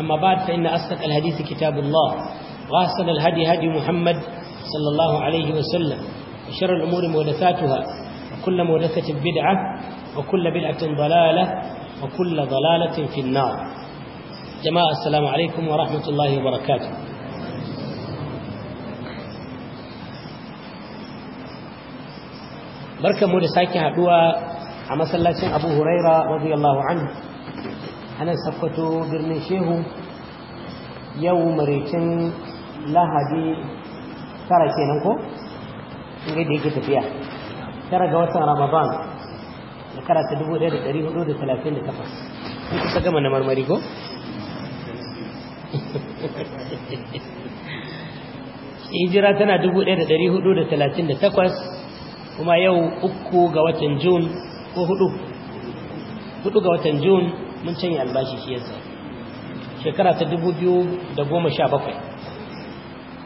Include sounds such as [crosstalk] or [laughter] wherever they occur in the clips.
أما بعد فإن أصدق الحديث كتاب الله وأحسن الهدي هدي محمد صلى الله عليه وسلم وشر الأمور محدثاتها وكل محدثة بدعة وكل بدعة ضلالة وكل ضلالة في النار جماعة السلام عليكم ورحمة الله وبركاته barkan mu da sake haduwa a masallacin Abu Huraira radiyallahu anhu anan sakkwato birnin shehu yau maraicin lahadi tara kenan ko inda da yake tafiya tara ga watan ramadan shekara ta 1438 in kusa gama na marmari ko [laughs] hijira tana 1438 kuma yau uku ga watan jun ko hudu hudu ga watan jun mun canye albashi shi shekara ta 2017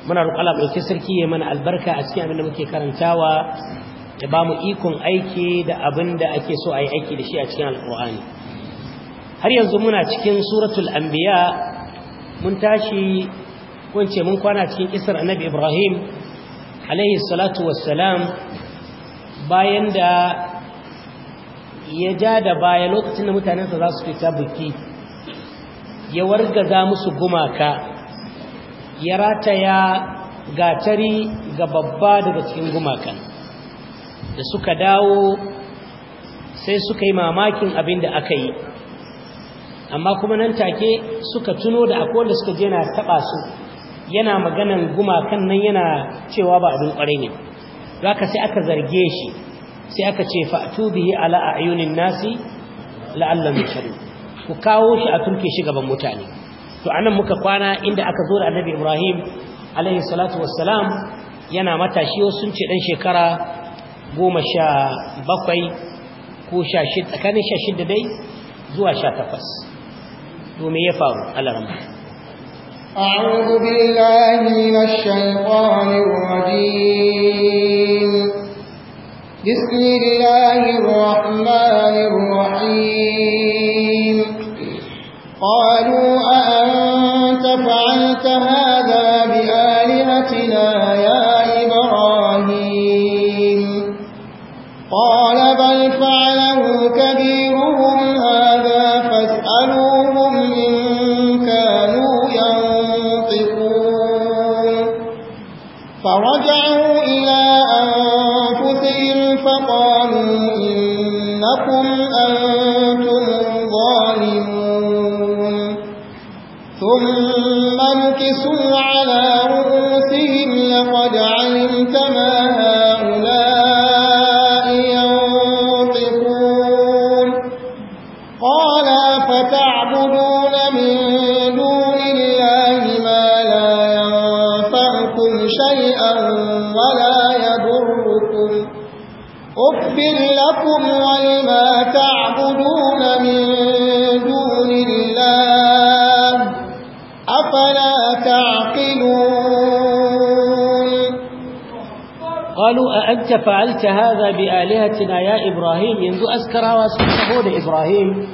muna roƙon Allah ɗauki sarki ya mana albarka a cikin abin da muke karantawa ya ba mu ikon aiki da abin da ake so a yi aiki da shi a cikin alƙur'ani har yanzu muna cikin suratul anbiya mun tashi ko ce mun kwana cikin kisar annabi ibrahim alaihi salatu wassalam bayan da ya ja da baya lokacin da mutanensa za su fita buki ya wargaza musu gumaka ya rataya gatari ga babba daga cikin gumakan da suka dawo sai suka yi mamakin abin da aka yi amma kuma nan take suka tuno da akwai da suka je na taba su yana maganan gumakan nan yana cewa ba abin kwarai ne za ka sai aka zarge shi sai aka ce fa'atu bihi ala ayunin nasi la'allam yashhadu ku kawo shi a turke shi gaban mutane to anan muka kwana inda aka zo da annabi Ibrahim alaihi salatu wassalam yana matashi sun ce dan shekara 17 ko 16 tsakanin 16 dai zuwa 18 to me ya faru Allah أعوذ بالله من الشيطان الرجيم بسم الله الرحمن الرحيم قالوا أأنت فعلت هذا بآلهتنا يا إبراهيم قال بل فعله كبيرهم هذا فاسألوهم إن كانوا ينطقون فرجعوا إلى أن ربهم فقالوا إنكم أنتم ظالمون ثم نُكِسُوا على رؤوسهم لقد علمت ما يغفر لكم ولما تعبدون من دون الله أفلا تعقلون قالوا أأنت فعلت هذا بآلهتنا يا إبراهيم ينذو أذكرها واسمه إبراهيم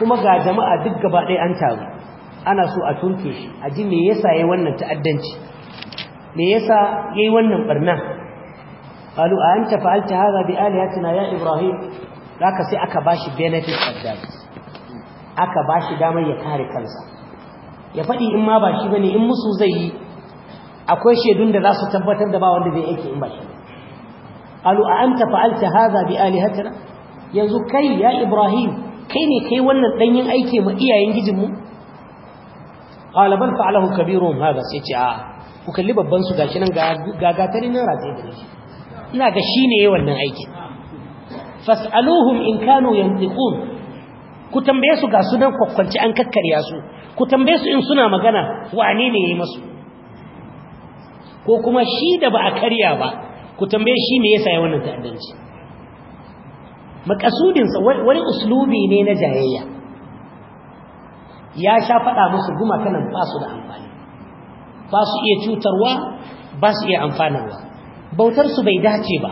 كما قال جماعة دقة بعدي أنت ana so a tunke shi a ji me yasa yayi wannan ta'addanci me yasa yayi wannan barna qalu a anta fa'alta hadha bi alihatina ya ibrahim haka sai aka bashi benefit of aka bashi damar ya kare kansa ya faɗi in ma ba shi in musu zai yi akwai shaidun da za su tabbatar da ba wanda zai aiki in ba shi qalu a anta fa'alta hadha bi alihatina yanzu kai ya ibrahim kai ne kai wannan danyin aiki ma iyayen gijinmu qala bal fa'alahu kabiruhum hadha sai ce ku kalli babban su gashi nan ga gatari nan rataye da shi ina ga shi ne wannan aikin fas'aluhum in kanu yantiqun ku tambaye su ga su dan kokkolci an kakkarya su ku tambaye su in suna magana wane ne yayi musu ko kuma shi da ba a karya ba ku tambaye shi me yasa ya wannan ta'addanci makasudin sa wani uslubi ne na jayayya ya sha faɗa musu guma kana ba su da amfani ba su iya cutarwa ba su iya amfanarwa bautar su bai dace ba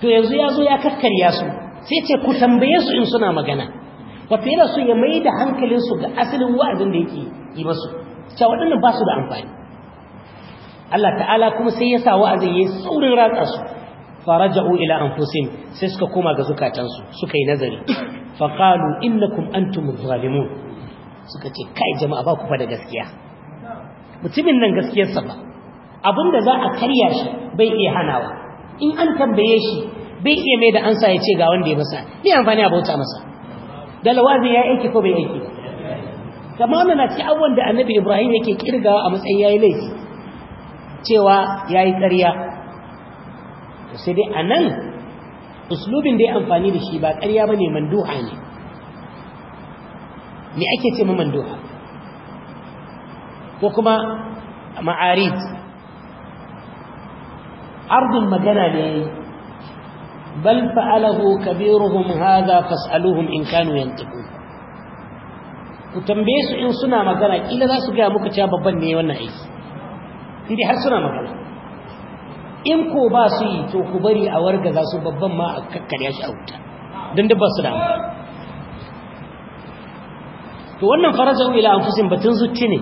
to yanzu ya zo ya kakkarya su sai ce ku tambaye su in suna magana wato yana su ya mai da hankalinsu ga asalin wa'azin da yake yi masu cewa waɗannan ba su da amfani Allah ta'ala kuma sai ya sa wa'azin ya yi saurin ratsa su faraja'u ila anfusin sai suka koma ga zukatansu suka yi nazari fa qalu innakum antum zalimun suka ce kai jama'a ba ku fa da gaskiya mutumin nan gaskiyarsa ba da za a karya shi bai iya hanawa in an tambaye shi bai iya mai da ansa ya ce ga wanda ya masa ni amfani a bauta masa da ya aiki ko bai aiki kama na ci abuwan da annabi ibrahim yake kirgawa a matsayin yayi laifi cewa yayi ƙarya to sai dai anan uslubin da ya amfani da shi ba ƙarya ne manduha ne me ake ce ma manduha ko kuma ma'arid ardun magana ne bal fa'alahu kabiruhum hadha fas'aluhum in kanu yantiqun ku tambaye su in suna magana kila za su gaya muka cewa babban ne wannan aiki indai har suna magana in ko ba su yi to ku bari a warga za su babban ma a kakkarya shi a wuta don dubba su damu to wannan farajan ila anfusin batun zuci ne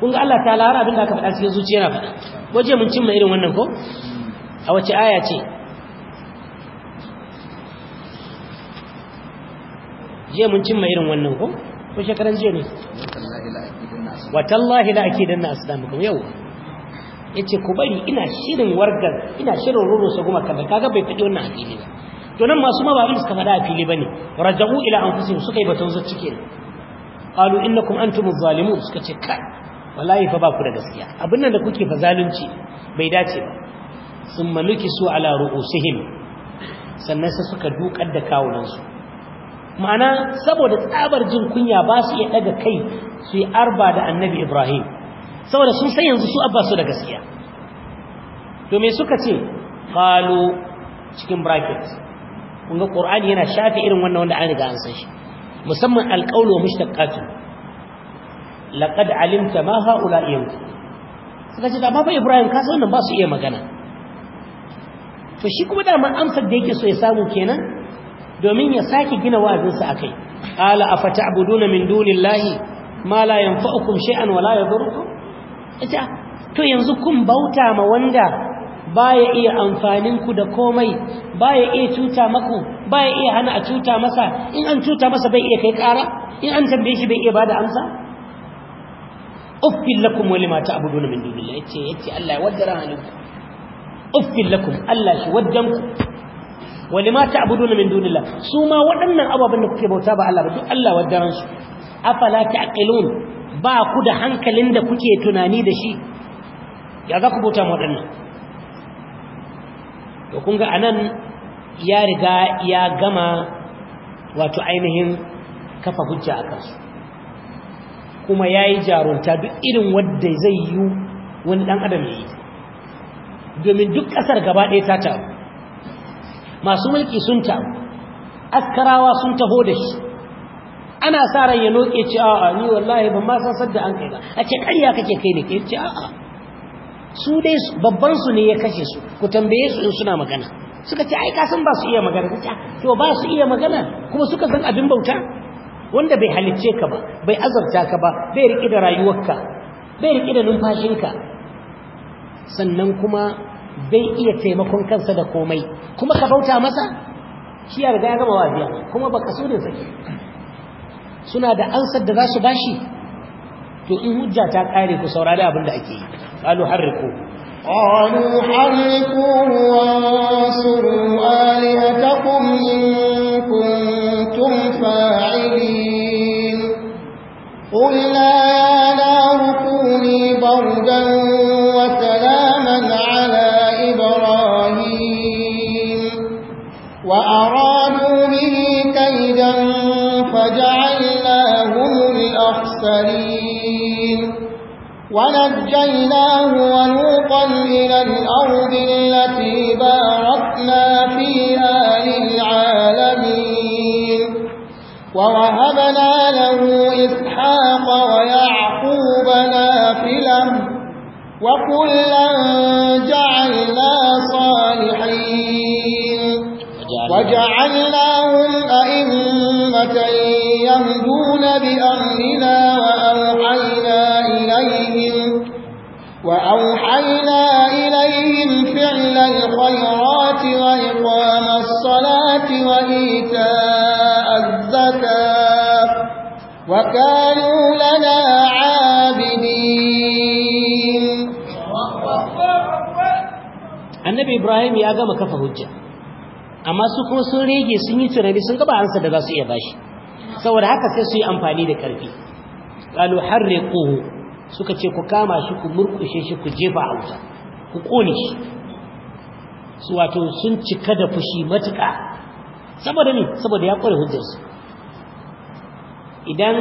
kun ga Allah ta lara abin da aka faɗa cikin zuciya yana faɗa waje mun cimma irin wannan ko a wace aya ce je mun cimma irin wannan ko ko shekaran je ne watallahi la akidanna asdamukum yau yace ku bari ina shirin wargar ina shirin sa goma kamar kaga bai fadi wannan hadisi ba to nan masu ma ba abin suka fada fili bane rajau ila anfusihim suka yi batun zuciya kenan qalu innakum antumuz zalimun suka ce kai wallahi fa ba ku da gaskiya abin nan da kuke fa zalunci bai dace ba sun maluki su ala ru'usihim sannan sai suka dukar da kawunansu ma'ana saboda tsabar jin kunya ba su iya daga kai su yi arba da annabi ibrahim saboda sun san yanzu su abba su da gaskiya to me suka ce qalu cikin bracket kun ga qur'ani yana shafi irin wannan wanda an riga an san shi musamman wa mushtaqatu laqad alimta ma haula yanzu suka ce amma fa Ibrahim ka san wannan ba su iya magana to shi kuma da man amsar da yake so ya samu kenan domin ya sake gina wa'azinsa akai qala duna min dunillahi ma la yanfa'ukum shay'an wa la yadurrukum ita to yanzu kun bauta ma wanda baya iya amfanin ku da komai baya iya cuta maku baya iya hana a cuta masa in an cuta masa bai iya kai kara in an tambaye shi bai iya bada amsa uffin lakum mata abu duna min ce yace ce Allah ya waddara hannunku uffin lakum Allah shi waddan ku mata abu duna min dunillah su ma waɗannan ababen da kuke bauta ba Allah ba duk Allah waddaran su afala ta'qilun ba ku da hankalin da kuke tunani da shi ya za ku bauta waɗannan to kun ga anan ya riga ya gama wato ainihin kafa hujja a kansu kuma ya yi jarunta duk irin wadda zai yi wani ɗan adam ya yi domin duk ƙasar gaba ɗaya ta taru masu mulki sun taru askarawa sun taho da shi ana sa ran ya noke ce a'a ni wallahi ban ma san sadda an kai ba a ce ƙarya kake kai ne kai ce a'a su dai babban su ne ya kashe su ku tambaye su in suna magana suka ce ai ka san ba su iya magana ta to ba su iya magana kuma suka san abin bauta wanda bai halicce ka ba bai azarta ka ba bai riƙe da rayuwarka bai riƙe da numfashinka sannan kuma bai iya taimakon kansa da komai kuma ka bauta masa shi ya riga ya gama wajiya kuma ba kasudin sake suna da ansar da za su bashi to in hujja ta kare ku saurari abin da ake yi harriku qalu harriku suru alihatakum in kuntum fa'ilin قلنا يا نار كوني بردا وسلاما على إبراهيم وأرادوا به كيدا فجعلناهم الأخسرين ونجيناه ولوطا إلى الأرض التي باركنا فيها للعالمين ووهبنا له إسحاق وكلا جعلنا صالحين وجعلناهم أئمة يهدون بأمرنا وأوحينا إليهم وأوحينا إليهم فعل الخيرات وإقام الصلاة وإيتاء الزكاة وكانوا لنا annabi ibrahim ya gama kafa hujja amma su kuma sun rege sun yi tunani sun gaba ansa da za su iya bashi saboda haka sai su yi amfani da karfi qalu harriquhu suka ce ku kama shi ku murkushe shi ku jefa a wuta ku kone shi su wato sun cika da fushi matuƙa saboda ne saboda ya kware hujjarsu idan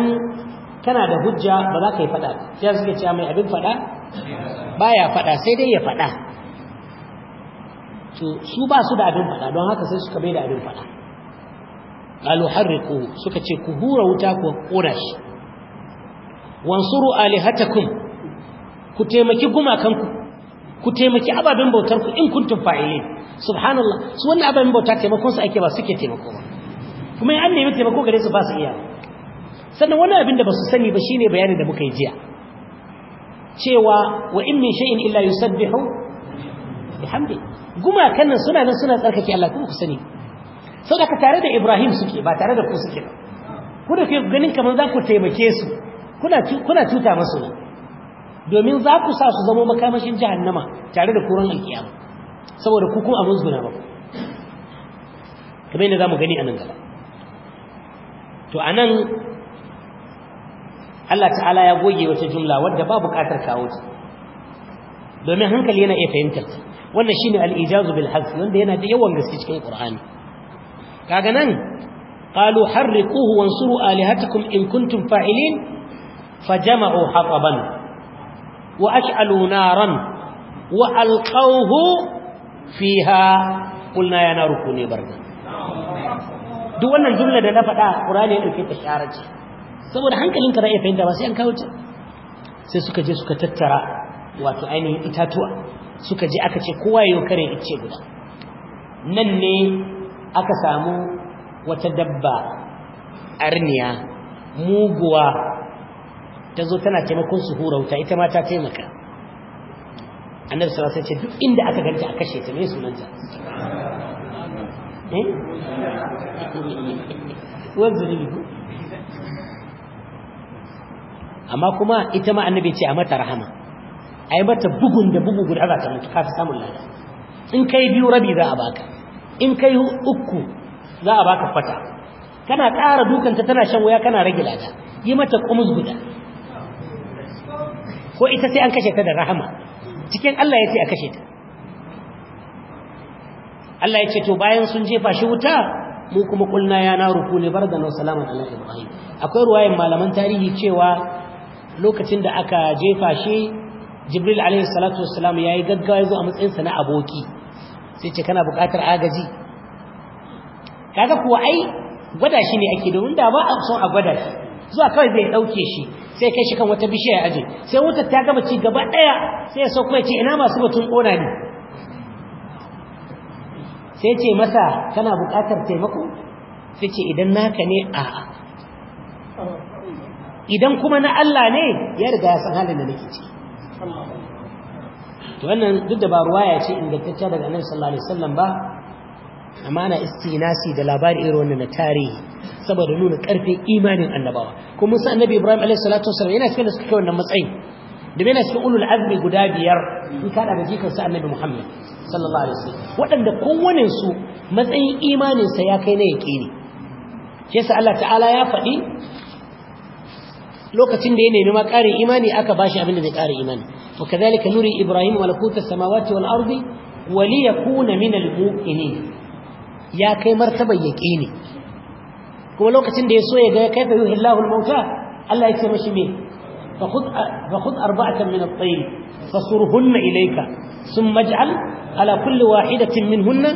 kana da hujja ba za ka yi faɗa sai suka ce mai abin faɗa baya faɗa sai dai ya faɗa to su ba su da abin fada don haka sai suka bai da abin fada qalu harriqu suka ce ku hura wuta ku kora shi wansuru alihatakum ku taimaki gumakan ku taimaki ababen bautar ku in kuntum fa'ilin subhanallah su wannan ababen bauta taimakon su ake ba suke taimako ba kuma an nemi taimako gare su ba su iya sannan wani abin da ba su sani ba shine bayani da muka yi jiya cewa wa in min shay'in illa yusabbihu bihamdi gumakan nan suna nan suna tsarkake Allah kuma ku sani ka tare da Ibrahim suke ba tare da ku suke ba ku da ke ganin kamar za ku taimake su kuna kuna tuta masu domin za ku sa su zama makamashin jahannama tare da kuran alkiyama saboda ku kuma abun zuna ba kamar yadda mu gani a nan gaba to anan Allah ta'ala ya goge wata jumla wadda ba buƙatar kawo ta domin hankali yana iya fahimtar ta wannan shine al-ijazu bil hazf wanda yana da yawan gaske cikin qur'ani kaga nan qalu harriquhu wansuru alihatakum in kuntum fa'ilin fajama'u hataban wa ash'alu naran wa alqawhu fiha qulna ya naru kuni barka duk wannan jumla da na faɗa qur'ani ya dauke ta sharace saboda hankalinka da ya fahimta ba sai an kawo ta sai suka je suka tattara wato ainihin itatuwa suka ji aka ce kowa yayo kare ice guda nan ne aka samu wata dabba arniya muguwa ta zo tana taimakon su hura wuta ita ma ta taimaka annabi sallallahu alaihi wasallam ce duk inda aka ganta a kashe ta me sunanta eh amma kuma ita ma annabi ce a mata rahama a yi mata bugun da bugu guda za ta mutu kafi samun lada in kai biyu rabi za a baka in kai uku za a baka fata kana ƙara dukanta tana shan waya kana rage lada yi mata kumus guda ko ita sai an kashe ta da rahama cikin Allah ya ce a kashe ta Allah ya ce to bayan sun jefa shi wuta mu kuma kulna ya na ruku ne bar na salaman ala ibrahim akwai ruwayan malaman tarihi cewa lokacin da aka jefa shi jibril alaihi salatu wassalam yayi gaggawa yazo a matsayin sa na aboki sai ce kana buƙatar agaji kaga kuwa ai gwada shi ne ake domin da ba a son a gwada shi zuwa kawai zai dauke shi sai kai shi kan wata bishiya ya aje sai wutar ta gaba ci gaba daya sai ya sauko ya ce ina masu batun kona ne sai ce masa kana buƙatar taimako sai ce idan naka ne a'a idan kuma na Allah ne ya riga ya san halin da nake ciki to wannan duk da ba ruwaya ce ingantacciya daga annabi sallallahu alaihi wasallam ba amma na istinasi da labari irin wannan na tarihi saboda nuna karfin imanin annabawa kuma Musa, annabi Ibrahim alaihi salatu wasallam yana cikin da suka kai wannan matsayi. da yana cikin ulul azmi guda biyar in ka daga jikan sa annabi Muhammad sallallahu alaihi wasallam waɗanda kowanne su matsayin imanin sa ya kai na yaqini shi yasa Allah ta'ala ya faɗi lokacin da ya nemi ma ƙarin imani aka bashi abin da zai ƙara imani wa kadhalika nuri ibrahim malakuta samawati wal ardi wa yakuna min al mu'minin ya kai martaba yaqini kuma lokacin da ya so ya ga fa yuhillahu al mauta Allah ya ce mashi me fa khud fa khud arba'atan min at-tayr fasurhunna ilayka thumma ij'al ala kulli wahidatin minhunna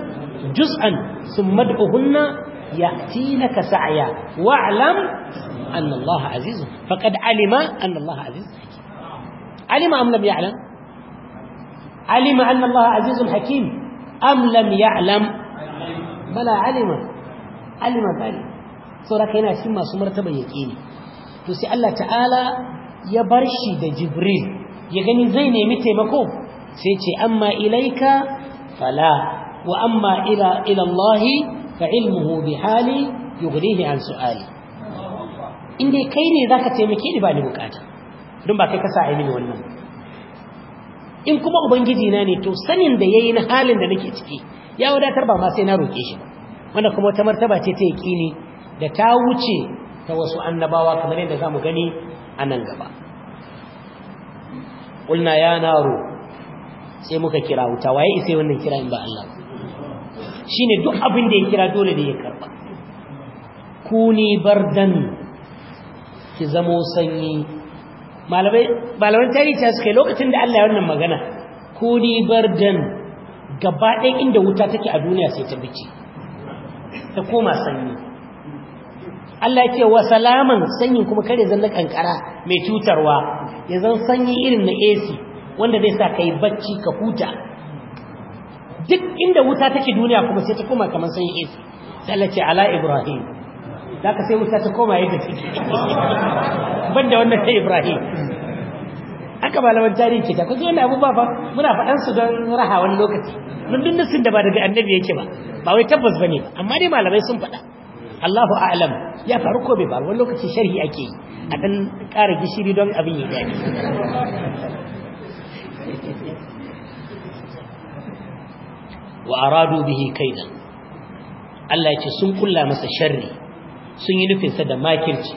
juz'an thumma ad'uhunna يأتينك سعيا واعلم أن الله عزيز فقد علم أن الله عزيز علم أم لم يعلم علم أن الله عزيز حكيم أم لم يعلم بلى علم علم بل yana cikin masu martaba yake ne to sai Allah ta'ala ya bar shi da Jibril ya gani zai nemi taimako sai ce amma ilaika fala wa amma ila فعلمه بحالي يغنيه عن سؤالي in dai kai ne zaka taimake ni ba ni bukata don ba kai ka sa'i mini wannan in kuma ubangiji na ne to sanin da yayi na halin da nake ciki ya wadatar ba ma sai na roke shi ba wanda kuma ta martaba ce ta yaqini da ta wuce ta wasu annabawa kamar yadda zamu gani a nan gaba Kulna ya naru sai muka kira wuta waye isai wannan kira in ba Allah shine duk abin da ya kira dole ne ya karba kuni bardan ki zamo sanyi malamai malaman tarihi suka lokacin da Allah ya wannan magana kuni bardan gaba ɗaya inda wuta take a duniya sai ta bice ta koma sanyi Allah ce wa salaman sanyin kuma kare zan na kankara mai cutarwa ya zan sanyi irin na AC wanda zai sa ka yi bacci ka huta duk inda wuta take duniya kuma sai ta koma kamar sanyin AC sai Allah ce ala Ibrahim zaka sai wuta ta koma yadda take banda wannan sai Ibrahim aka malaman tarihi ke ta kaje wannan ba fa muna fadan su don raha wani lokaci mun duk nasin da ba daga annabi yake ba ba wai tabbas bane amma dai malamai sun faɗa Allahu a'lam ya faru ko bai faru wani lokaci sharhi ake yi a dan kara gishiri don abin ya dace wa aradu bihi kaidan Allah ya ce sun kulla masa sharri sun yi nufin sa da makirci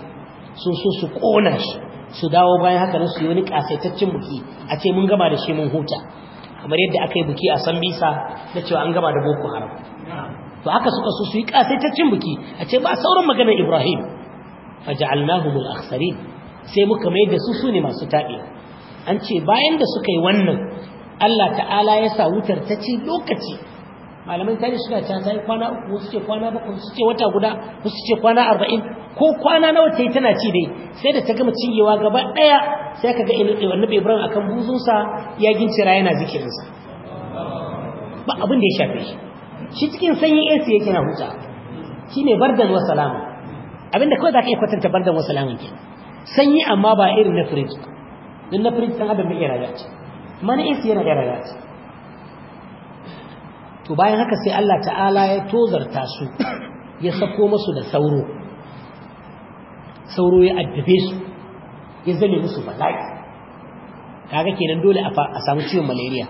sun so su kona shi su dawo bayan haka nan su yi wani kasaitaccen buki a ce mun gama da shi mun huta kamar yadda aka yi buki a San Bisa na cewa an gama da Boko Haram to haka suka so su yi kasaitaccen buki a ce ba sauran maganar Ibrahim faj'alnahum al-akhsarin sai muka mai da su su ne masu taɗi. an ce bayan da suka yi wannan Allah ta'ala ya sa wutar ta ci lokaci malaman tani suna cewa ta yi kwana uku wasu ce kwana bakwai wasu ce wata guda wasu ce kwana arba'in ko kwana nawa ta yi tana ci dai sai da ta gama cinyewa gaba ɗaya sai ka ga wannan ibrahim akan buzunsa ya gincira yana zikirinsa ba abin da ya shafe shi shi cikin sanyin ac yake na huta shi ne bardan wa salama abinda kawai za ka iya kwatanta bardan wa salama ke sanyi amma ba irin na firij don na firij san adam mai iya rayuwa ce mana ac yana iya rayuwa ce to bayan haka sai Allah ta'ala ya tozarta su ya sako musu da sauro sauro ya addabe su ya zame musu bala'i kaga kenan dole a samu ciwon malaria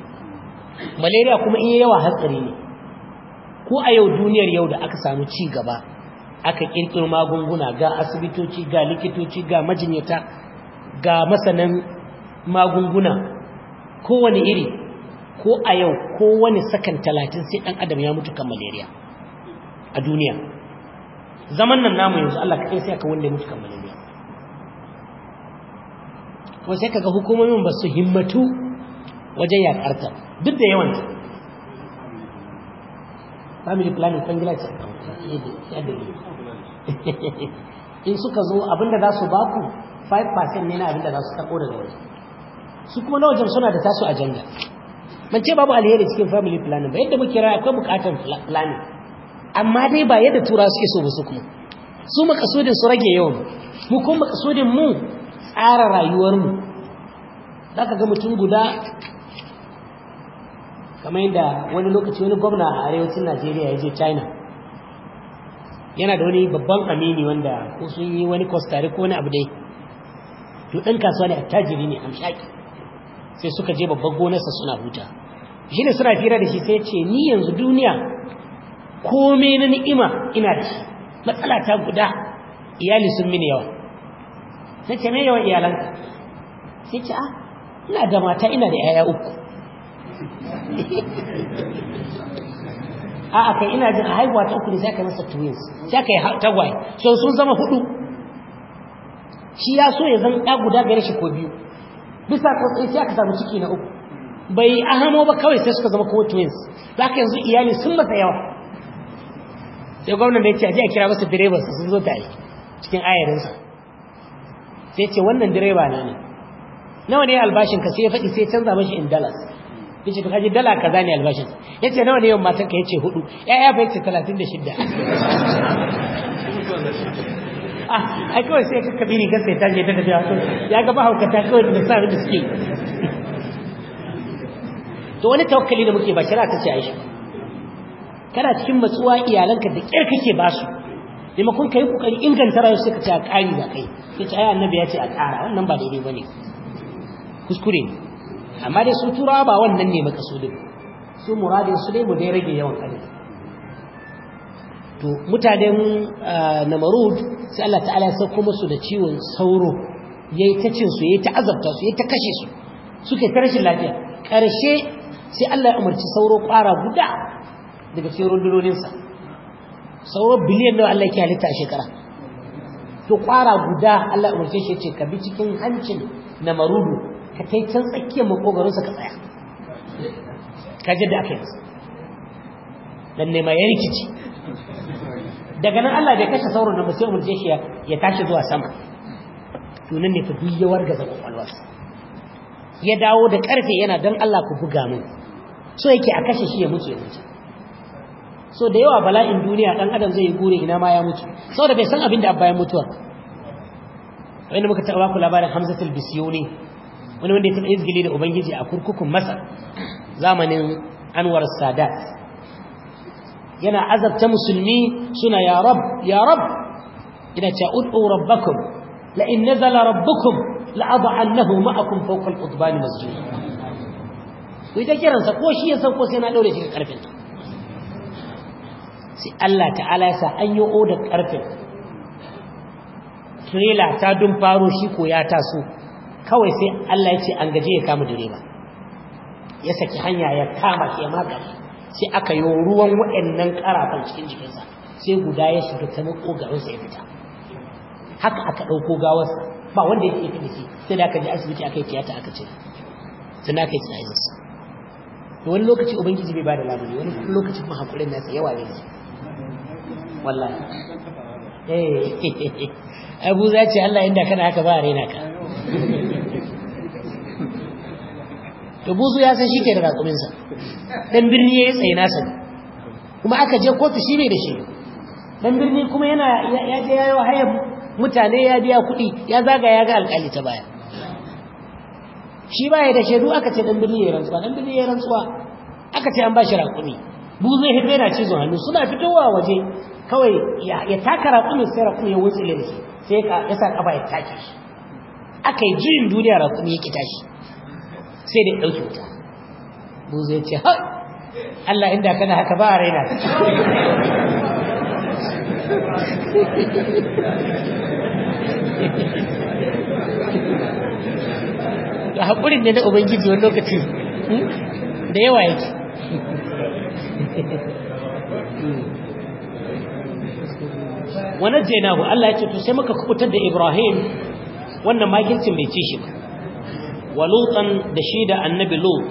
malaria kuma in yawa hatsari ne ko a yau duniyar yau da aka samu ci gaba aka kirkiro magunguna ga asibitoci ga likitoci ga majinyata ga masanan magunguna kowane iri ko a yau ko wani sakan talatin sai ɗan adam ya mutu kan malaria a duniya zaman nan namu yanzu Allah kaɗai sai aka wanda ya mutu kan malaria ko sai kaga hukumomin ba su himmatu wajen yakarta duk da yawanta family planning gila ce in suka zo abinda za su baku 5% ne na abinda za su tako daga waje su kuma na wajen suna da tasu ajanda man ce babu alheri cikin family planning ba yadda muke raya akwai bukatar planning amma dai ba yadda tura suke so ba su kuma su makasudin su rage yawan mu kuma makasudin mu tsara rayuwarmu za ka ga mutum guda kamar yadda wani lokaci wani gwamna a arewacin najeriya ya je china yana da wani babban amini wanda ko sun yi wani kwastare ko wani abu dai to ɗan kasuwa ne attajiri ne amshaki sai suka je babban gonarsa suna huta shi ne suna fira da shi sai ce ni yanzu duniya kome na ni'ima ina da shi matsala ta guda iyali sun mini yawa Sai ce me yawan iyalanka sai ce ah ina da mata ina da yaya uku [laughs] a kai ina jin haihuwa ta uku ne sai ka masa twins sai ka yi tagwaye sun zama hudu shi ya so ya zan ɗa guda gare shi ko biyu bisa ko sai aka samu ciki na uku bai ahamo ba kawai sai suka zama ko twins za ka yanzu iyali sun masa yawa sai gwamna da ya ce a jiya a kira masa direba su sun zo tare cikin ayarinsa sai ce wannan direba na ne nawa ne albashin ka sai ya faɗi sai ya canza mashi in dalas ya ce kaji dala kaza ne albashin ya ce nawa ne yawan matan ka ya ce hudu ya ya fa ce talatin da shidda [laughs] ai kawai sai ka kabiri ka sai ta je ta tafiya to ya ga mahaukata kawai da sa da suke to wani tawakkali da muke ba shari'a ta ce Aisha. kana cikin matsuwa iyalanka da kyar kake ba su kun kai kokari inganta rayuwar su ka ce a ƙari da kai kace ai annabi ya ce a kara wannan ba daidai bane kuskure ne amma dai su turawa ba wannan ne makasudin su muradin su dai mu dai rage yawan adadi to mutanen eh, namarud sai Allah ta'ala ya kuma su da ciwon sauro yayi ta cin su yayi ta azabta su yayi ta kashe su suke ta rashin lafiya karshe sai Allah ya umarci sauro kwara guda daga cikin rundunoninsa sauro biliyan nawa Allah ya halitta a shekara to kwara guda Allah ya umarce shi ya ce ka bi cikin hancin namarudu ka kai can tsakiyar sa ka tsaya ka ji da aka dan ne ya rikici daga nan Allah bai kashe sauran nan ba sai umurje shi ya tashi zuwa sama to nan ne fa duk ga zaman ya dawo da karfe yana dan Allah ku buga mun so yake a kashe shi ya mutu ya mutu so da yawa bala'in duniya dan adam zai yi gure ina ma ya mutu saboda bai san abin da abba ya mutuwa wanda muka taɓa ku labarin hamzatul bisyuni wani wanda ya taɓa izgili da ubangiji a kurkukun masa zamanin anwar sadat yana azabta musulmi suna ya rab ya rab ina cewa ud'u rabbakum la in nazala rabbukum la ad'annahu ma'akum fawqa al-qutban masjid ku ta kiransa ko shi yasan ko sai na daure shi ga karfin sai Allah ta'ala ya sa an yi odar karfin trailer ta dun faro shi ko ya taso kawai sai Allah ya ce an gaje ya kama direba ya saki hanya ya kama ke magana sai aka yi ruwan waɗannan ƙarafan cikin jikinsa sai guda ya shiga ta nuko garinsa ya fita haka aka ɗauko gawarsa ba wanda ya iya fi sai da aka je asibiti aka yi tiyata aka ce tana kai tunaninsa to wani lokaci ubangiji bai da labari wani lokaci kuma hakurin nasa yawa ne wallahi eh abu [laughs] za ce Allah inda kana haka ba raina ka to buzu ya san shi ke da raƙuminsa dan birni ya yi tsaye nasa kuma aka je kotu shi mai da shi dan birni kuma yana ya je yayo hayar mutane ya biya kuɗi ya zaga ya ga alƙali ta baya shi ba ya da shaidu aka ce dan birni ya rantsuwa dan birni ya rantsuwa aka ce an ba shi raƙumi buzu ya hito na cizon hannu suna fitowa waje kawai ya taka raƙumin sai rakumi ya wuce da shi sai ya sa kafa ya take shi aka yi juyin duniya raƙumi ya kita shi sai da ɗauke wuta buzu ya ce hai Allah inda kana haka ba a raina da haƙurin ne na ubangiji wani lokaci hmm, da yawa yake wani jenahu Allah ya ce to sai muka kubutar da ibrahim wannan makircin bai ce shi ba wa da shi da annabi lut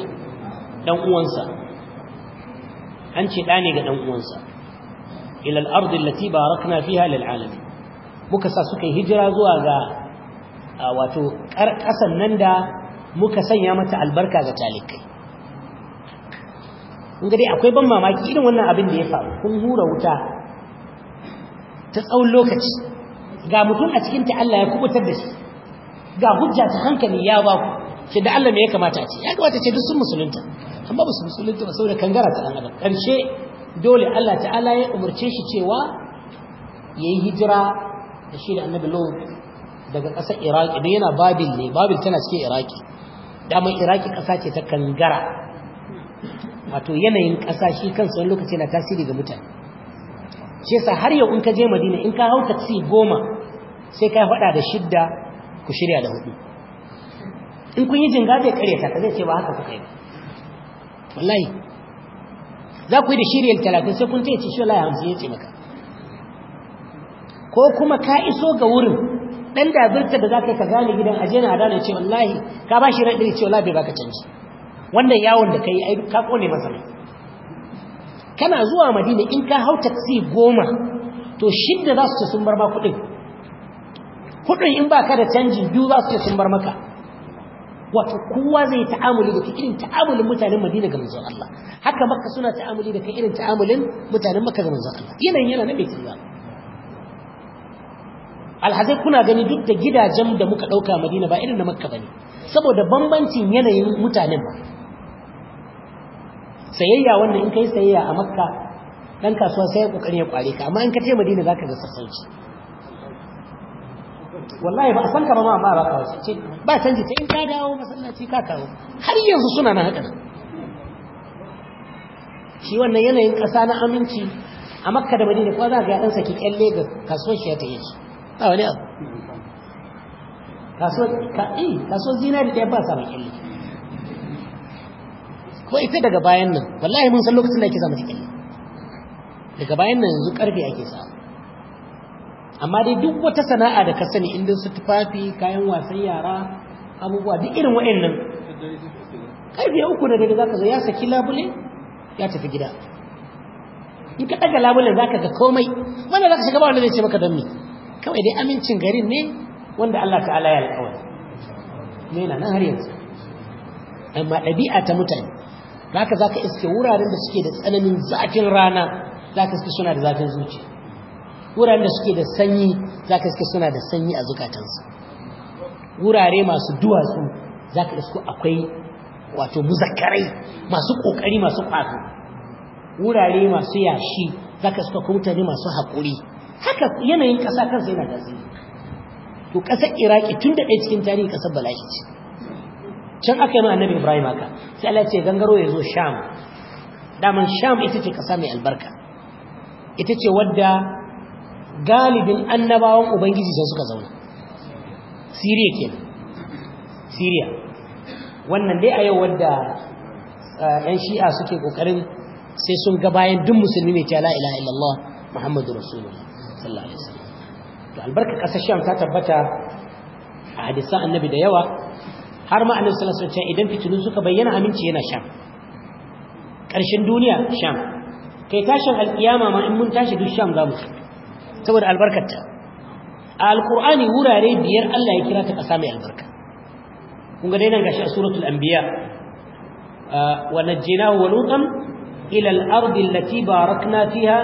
dan uwansa an ce ɗa ne ga dan uwansa ila al-ard allati barakna fiha lil alamin muka sa suka yi hijira zuwa ga wato ƙasan nan da muka sanya mata albarka ga talikai in dai akwai ban mamaki irin wannan abin da ya faru kun hura wuta ta tsawon lokaci ga mutum a cikinta Allah ya kubutar da shi ga hujja ta hankali ya ba ku ce da Allah me ya kamata a ce ya kamata ce duk sun musulunta amma ba su musulunta ba saboda kangara ta Allah karshe dole Allah ta'ala ya umarce shi cewa yayi hijira da shi da Annabi daga ƙasar Iraki idan yana Babil ne Babil tana cikin Iraki dama Iraki ƙasa ce ta kangara wato yanayin ƙasa shi kansa wani lokaci na tasiri ga mutane shi yasa har yau in ka je Madina in ka hau taksi goma sai ka faɗa da shidda ku shirya da hudu in kun yi jinga zai kare ta zai ce ba haka kuka yi wallahi za ku yi da shirya talatin sai kun taya ce shi wallahi hamsin ya ce maka ko kuma ka iso ga wurin dan dabirta da za ka yi ka gane gidan aje na adana ce wallahi ka ba shi ran ɗari ce wallahi bai baka canji wannan yawon da ka yi ka kone masa ne. kana zuwa madina in ka hau taksi goma to shidda za su ce sun bar ma kuɗin kuɗin in ba ka da canji biyu za su ce sun bar maka wato kowa zai ta'amuli da irin ta'amulin mutanen Madina ga manzon Allah haka Makka suna ta'amuli da irin ta'amulin mutanen Makka ga manzon Allah yanayin yana nabe ba. alhazai kuna gani duk da gidajen da muka dauka Madina ba irin na Makka bane saboda bambancin yanayin mutanen ba sayayya wanda in kai sayayya a Makka dan kasuwa sai ya kokari ya kware ka amma in ka je Madina zaka ga sassauci wallahi ba a san ka ba amma ba ka wasu ce ba canji sai in ka dawo masallaci ka kawo har yanzu suna na haka shi wannan yanayin ƙasa na aminci a makka da madina kwa za ka ga ɗan saki ƙyalle ga kasuwar shi ta yi shi ba wani abu kasuwar ka'i eh, kasuwar zinari ba ba samun ƙyalli ko ita daga bayan nan wallahi mun san lokacin da ake samun ƙyalle daga bayan nan yanzu ƙarfe ake samu amma dai duk wata sana'a da ka sani inda su tufafi kayan wasan yara abubuwa duk irin wa'annan karfe uku da dare zaka zo ya saki labule ya tafi gida in ka daga labulen zaka ga komai wanda zaka shiga ba wanda zai ce maka don me kawai dai amincin garin ne wanda Allah ta'ala ya alƙawari ne na nan har yanzu amma ɗabi'a ta mutane za zaka iske wuraren da suke da tsananin zafin rana zaka iske suna da zafin zuciya wuraren da suke da sanyi za ka iske suna da sanyi a zukatansu wurare masu duwatsu za ka isko akwai wato muzakarai masu ƙoƙari masu ƙwato wurare masu yashi za ka isko mutane masu haƙuri haka yanayin ƙasa kansa yana tasiri to ƙasar iraki tun da ɗaya cikin tarihi ƙasar balashi ce can aka yi ma annabi ibrahim haka sai allah ce gangaro ya zo sham daman sham ita ce ƙasa mai albarka ita ce wadda galibin annabawan ubangiji sai suka zauna siriya ke siriya wannan dai a yau wadda eh, yan shi'a suke kokarin sai sun ga bayan duk musulmi mai cewa la illallah muhammadu rasulullah sallallahu alaihi wasallam to albarka kasar sham ta tabbata a hadisan annabi da yawa har ma annabi sallallahu alaihi idan fitinu suka bayyana aminci yana sham ƙarshen duniya sham kai tashin alƙiyama ma in mun tashi duk sham za mu saboda albarkarta a alkur'ani wurare biyar Allah ya kira ta ƙasa mai albarka kun ga dainan gashi a suratul anbiya wa najjaynahu wa lutan ila al-ardi allati barakna fiha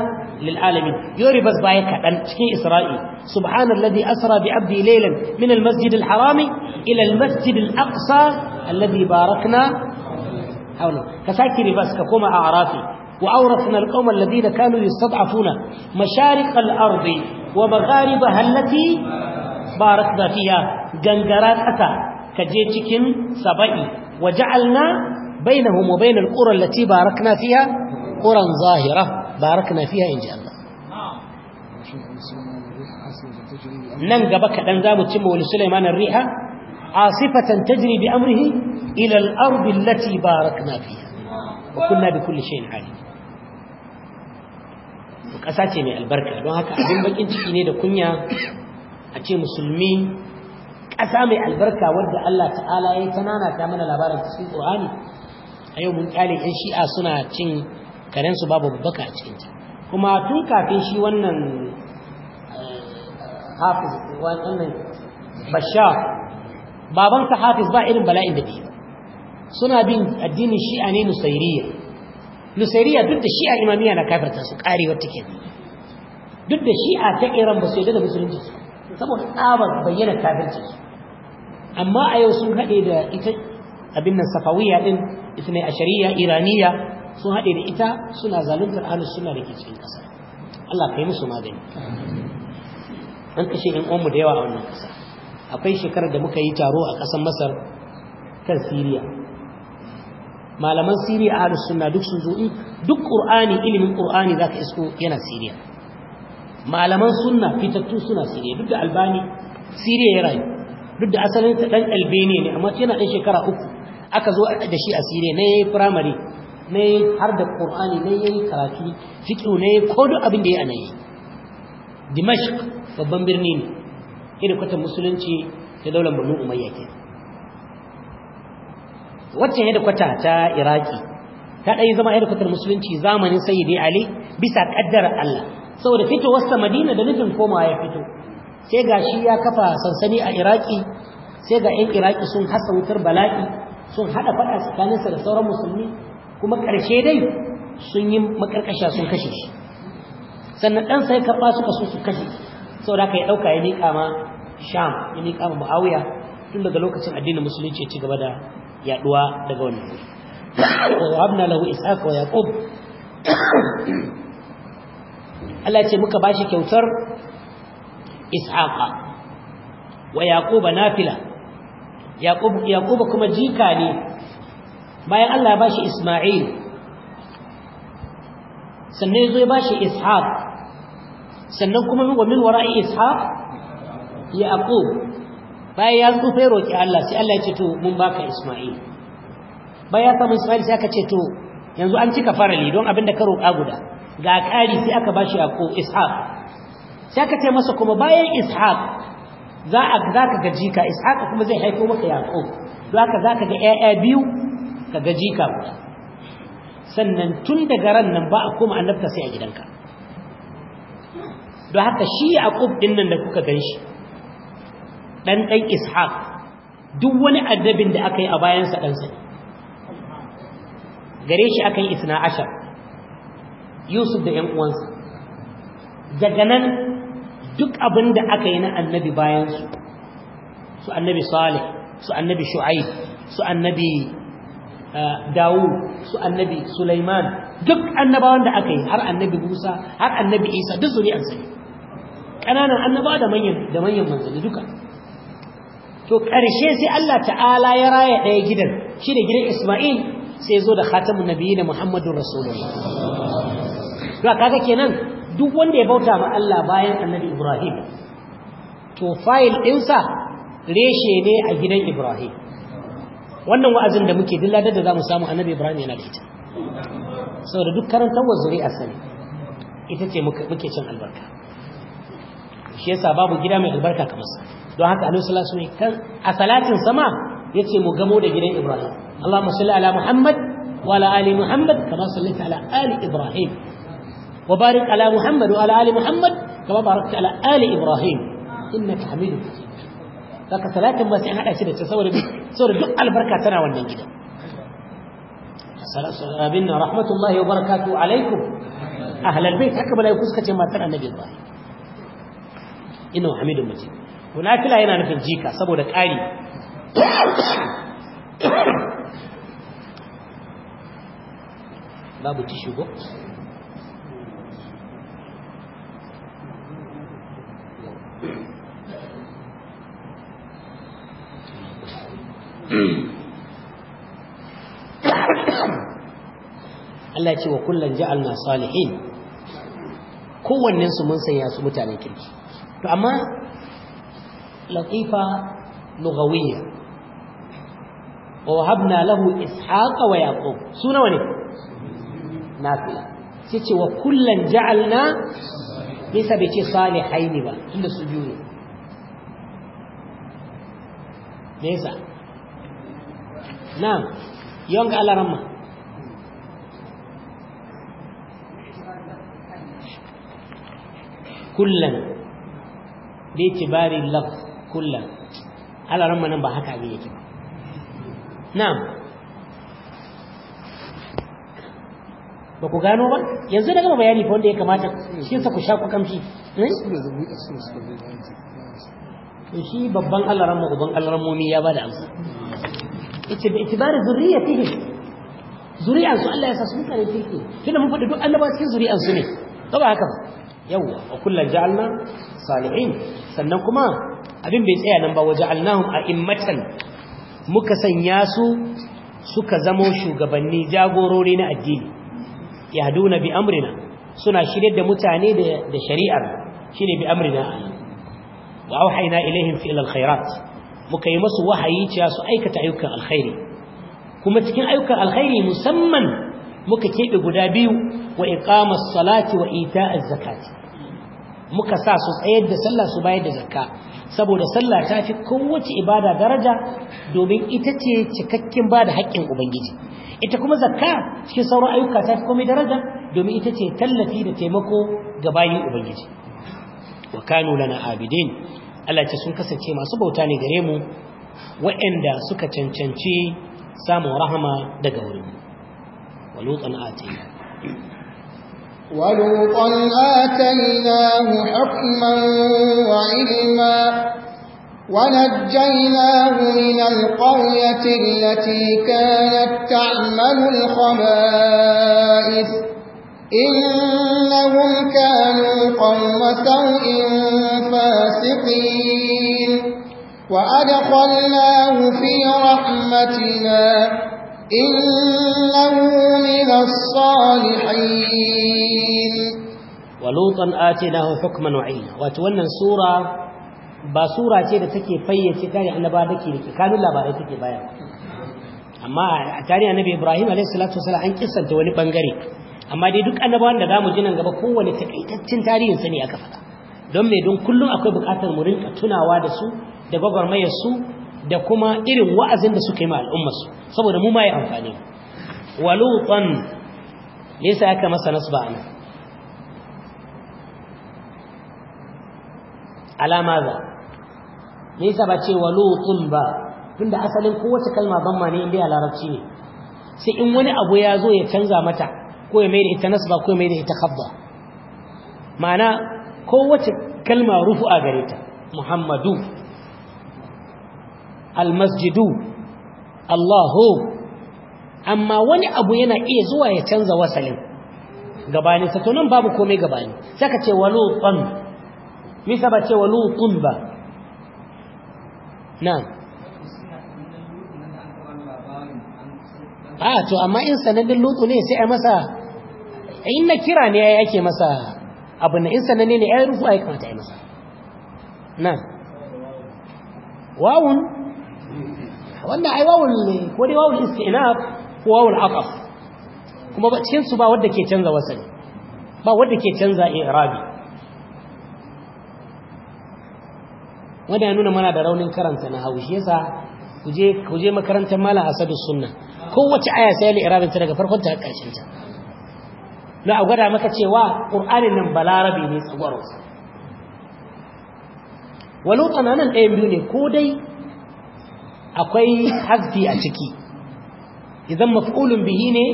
lil alamin yori bas baya kadan cikin isra'i subhanallazi asra bi abdi laylan min al-masjid al-haram ila al-masjid al-aqsa alladhi barakna hawla ka saki ribas ka koma a arafi وأورثنا القوم الذين كانوا يستضعفون مشارق الأرض ومغاربها التي باركنا فيها جنجرات أتى كجيتك سبعي وجعلنا بينهم وبين القرى التي باركنا فيها قرى ظاهرة باركنا فيها إن جاء الله nan gaba kaɗan za الريحة عاصفة تجري بأمره إلى الأرض التي باركنا فيها وكنا بكل شيء عالي ƙasa ce mai albarka don haka abin bakin ciki ne da kunya a ce musulmi ƙasa mai albarka wadda Allah ta'ala ya yi ta mana labarin cikin Qur'ani a yau mun kyale yan shi'a suna cin karensu babu babbaka a cikin ta kuma tun kafin shi wannan eh, hafiz wannan bashar babansa hafiz ba irin bala'in da ke suna bin addinin shi'a ne nusairiyya nusairiya duk da shi'a imamiya na kafirta su karewar take duk da shi'a ta iran ba su yi da musulunci saboda tsabar bayyana kafirci amma a yau sun haɗe da ita abin nan safawiya ɗin, ita mai ashariya iraniya sun haɗe da ita suna zaluntar ahlus suna da ke cikin ƙasa Allah ka yi musu magani an kashe in uwanmu da yawa a wannan ƙasa akwai shekarar da muka yi taro a ƙasar masar kan siriya malaman siriya ahlus sunna duk sun zo duk qur'ani ilimin qur'ani zaka isko yana siriya malaman sunna fitattu suna siriya duk da albani siriya ya rayu duk da asalin sa dan albani ne amma yana dan shekara uku aka zo da shi a siriya ne firamare, primary ne har da qur'ani ne yayi karatu fiqh ne ko duk abin da yayi anayi yi dimashq babban birni ne irin kwatar musulunci ta daular banu umayya kenan wacce hedikwata ta iraki ta ɗaya zama hedikwatar musulunci zamanin sayyidi ali bisa ƙaddara allah saboda fitowarsa madina da nufin komawa ya fito sai ga shi ya kafa sansani a iraki sai ga 'yan iraki sun hasa wutar bala'i sun haɗa faɗa tsakaninsa da sauran musulmi kuma ƙarshe dai sun yi makarƙasha sun kashe shi sannan ɗan sai karɓa suka so su kashe saboda ka ya ɗauka ya miƙa ma sham ya miƙa ma mu'awiya tun daga lokacin addinin musulunci ya ci gaba da yaduwa daga wani. wuri abna lahu ishaqa wa yaqub Allah ce muka bashi kyautar ishaqa wa yaquba nafila yaqub yaquba kuma jika ne bayan Allah ya bashi isma'il sannan zai ya bashi ishaq sannan kuma wa min wara'i ishaq yaqub bayan ya tsufe roƙi Allah sai Allah ya ce to mun baka Isma'il bayan ya samu Isma'il sai aka ce to yanzu an cika farali don abin da ka roƙa guda ga ƙari sai aka bashi ko Ishaq sai aka ce masa kuma bayan Ishaq za a za ka gaji ka Ishaq kuma zai haifo maka Yaqub don haka za ka ga ƴaƴa biyu ka gaji ka sannan tun daga ran nan ba a koma annabta sai a gidanka don haka shi Yaqub din nan da kuka ganshi dan dan ishaq duk wani addabin da aka yi a bayansa ɗansa gare shi aka yi isna ashar yusuf da 'yan uwansa daga nan duk abin da aka yi na annabi bayansu su annabi salih su annabi shu'aib su annabi eh, Dawu, su annabi sulaiman duk annabawan da aka yi har annabi musa har annabi isa duk zuri'ansa ne ƙananan annaba da manyan manzanni duka to ƙarshe sai Allah ta'ala ya raya ɗaya gidan shi da gidan Ismail sai zo da khatamun nabiyyi na Muhammadun Rasulullah kaga kenan duk wanda ya bauta ma Allah bayan annabi Ibrahim to fayil ɗinsa reshe ne a gidan Ibrahim wannan wa'azin da muke dilla da za mu samu annabi Ibrahim yana da ita saboda duk karantawar zuri'ar a Sani, ita ce muke cin albarka shi yasa babu gida mai albarka kamar sa don haka annabi sallallahu alaihi wasallam a salatin sama yace mu gamo da gidan Ibrahim Allahumma salli ala Muhammad wa ala ali Muhammad kama sallaita ala ali Ibrahim wa barik ala Muhammad wa ala ali Muhammad kama barakta ala ali Ibrahim innaka Hamidum Majid haka salatin ba sai hada shi da saboda saboda duk albarka tana wannan gidan sallallahu alaihi wa rahmatullahi wa barakatuhu alaikum ahlal bait haka bala ku suka ce matar annabi Ibrahim innahu Hamidum to yana nufin jika saboda ƙari babu ci shigo Allah ce wa kullum ja'alna salihin kowannen mun sanya su mutanen kirki to amma لطيفة لغوية ووهبنا له إسحاق ويعقوب سنة وني نافلة سيتي وكلا جعلنا بسبب صالحين با كل السجود ليس نعم يونغ على رمّا كلا باعتبار اللفظ kullan alaran manan ba haka abin yake ba na'am ba ku gano ba yanzu gama bayani fa wanda ya kamata shi sa ku sha ku kamshi eh? to shi babban alaran mu babban alaran mu ya bada amsa itibari zuriyatihim zuri'an su Allah ya sa su mutane kirki tunda mun faɗi duk annabawa cikin zuri'an su ne ba haka ba yawa wa kullun ja'alna salihin sannan kuma abin bai tsaya nan ba waje allahun a immatan muka sanya su suka zamo shugabanni jagorori na addini ya duna bi amrina suna shirye da mutane da shari'ar shi ne bi amrina wa auhaina ilaihim fi ilal muka yi masu wahayi cewa su aikata ayyukan alkhairi kuma cikin ayyukan alkhairi musamman muka keɓe guda biyu wa iqamas salati wa ita'az zakati muka sa su tsayar da sallah su bayar da zakka saboda sallah ta fi kowace ibada daraja domin ita ce cikakken ba da haƙƙin ubangiji ita kuma zakka cikin sauran ayyuka ta fi komai daraja domin ita ce tallafi da taimako ga bayin ubangiji wa kanu lana abidin Allah ce sun kasance masu bauta ne gare mu waɗanda suka cancanci samun rahama daga wurin mu walutan atiya ولوطا آتيناه حكما وعلما ونجيناه من القرية التي كانت تعمل الخبائث إنهم كانوا قوم سوء فاسقين وأدخلناه في رحمتنا إنه من الصالحين ولوطا آتيناه حكما وعلما وتولنا سورة ba sura ce da take fayyace tare annaba dake dake kanun labarai take baya amma a tare nabi Ibrahim alaihi salatu wasallam an kissanta wani bangare amma dai duk annabawan da zamu ji nan gaba kowane takaitaccen tarihin sa ne aka faɗa don me don kullum akwai buƙatar mu rinka tunawa da su da gwagwarmayar su da kuma irin wa'azin da suka yi ma al'ummarsu saboda mu ma yi amfani walutan nesa ya masa nasu ba ana alama za nesa ba ce walutun ba da asalin kowace kalma ban ma ne inda ya larabci ne sai in wani abu ya zo ya canza mata ko ya mai da ita nasu ba ko ya mai da ita habba ma'ana kowace kalma rufu a gare ta muhammadu almasjidu allahu amma wani abu yana iya zuwa ya canza wasalin gabani sa to nan babu komai gabani saka ce walutun misa ba ce walutun ba Nan. ah to amma in sanadin lutu ne sai a masa in na kira ne ai yake masa abu ne in sananne ne ai rufu ai kamata ai masa Nan. wawun wannan ai wawul ne ko dai wawul istinaf ko wawul aqaf kuma ba cikin su ba wanda ke canza wasali ba wanda ke canza i'rabi wanda ya nuna mana da raunin karanta na haushi yasa kuje kuje makarantar Malam asadu sunna kowace aya sai ya i'rabin ta daga farkon ta ƙarshen ta na a gwada maka cewa qur'anin nan balarabi ne tsagwaronsa walau tsananan ɗayan biyu ne ko dai akwai hazfi a ciki idan maf'ulun bihi ne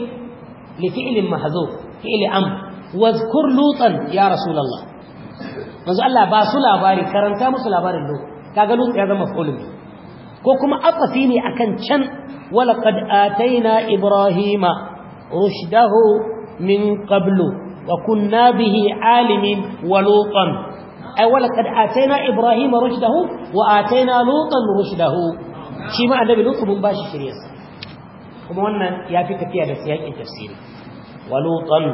li fi'lin mahzuf fi'li am wazkur lutan ya rasulullah manzo Allah ba su labari karanta musu labarin lut kaga lut ya zama maf'ulun bihi ko kuma aqasi ne akan can walaqad ataina ibrahima rushdahu min qablu wa kunna bihi alimin wa lutan ay walaqad ataina ibrahima rushdahu wa ataina lutan rushdahu shi ma annabi lutu mun bashi shiryarsa kuma wannan ya fi tafiya da siyakin tafsiri wa lutan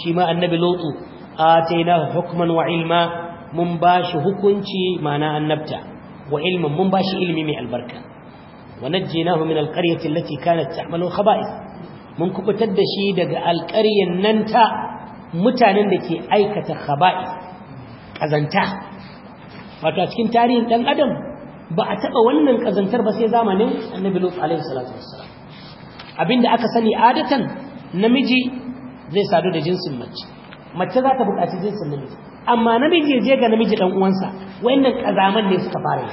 shi ma annabi lutu atainahu hukman wa ilma mun bashi hukunci ma'ana annabta wa ilmin mun bashi ilimi mai albarka wa najjinahu min alqaryati allati kanat ta'malu khaba'ith mun kubutar da shi daga alƙaryan nan ta mutanen da ke aikata khaba'ith kazanta wato a cikin tarihin dan adam ba a taɓa wannan ƙazantar ba sai zamanin annabi lut alaihi salatu wassalam abinda aka sani adatan namiji zai sadu da jinsin mace mace za ta buƙaci jinsin namiji amma namiji ya je ga namiji dan uwansa wayannan ƙazaman ne suka fara yi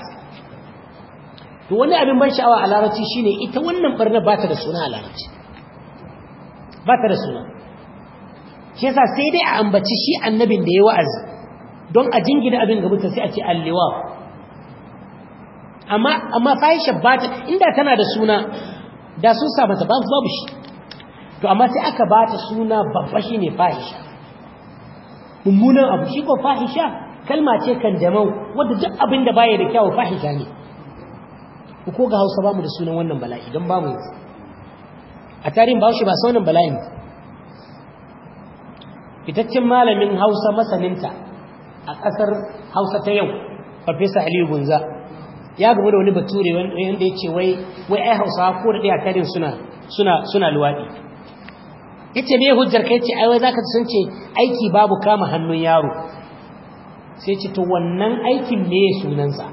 to wani abin ban sha'awa a larabci shine ita wannan barna ba ta da suna a larabci ba ta da suna shi yasa sai dai a ambaci shi annabin da ya wa'azi don a jingina abin gabata sai a ce allewa. amma amma fahisha ba ta inda tana da suna da sun sa mata ba babu shi to amma sai aka ba ta suna babba shi ne fahisha mummunan abu shi ko fahisha kalma ce kan jama'u wadda duk abin da baya da kyawu fahisha ne ko ga hausa ba mu da sunan wannan bala'i don mu yanzu a tarihin bahaushe ba sunan ne. fitaccen malamin hausa masaninta a ƙasar hausa ta yau farfesa aliyu gunza ya gaba da wani bature wanda ya ce wai wai ai hausawa ko da ɗaya tarin suna suna suna luwaɗi ya ce me hujjar kai ce ai wai zaka san ce aiki babu kama hannun yaro sai ce to wannan aikin me sunansa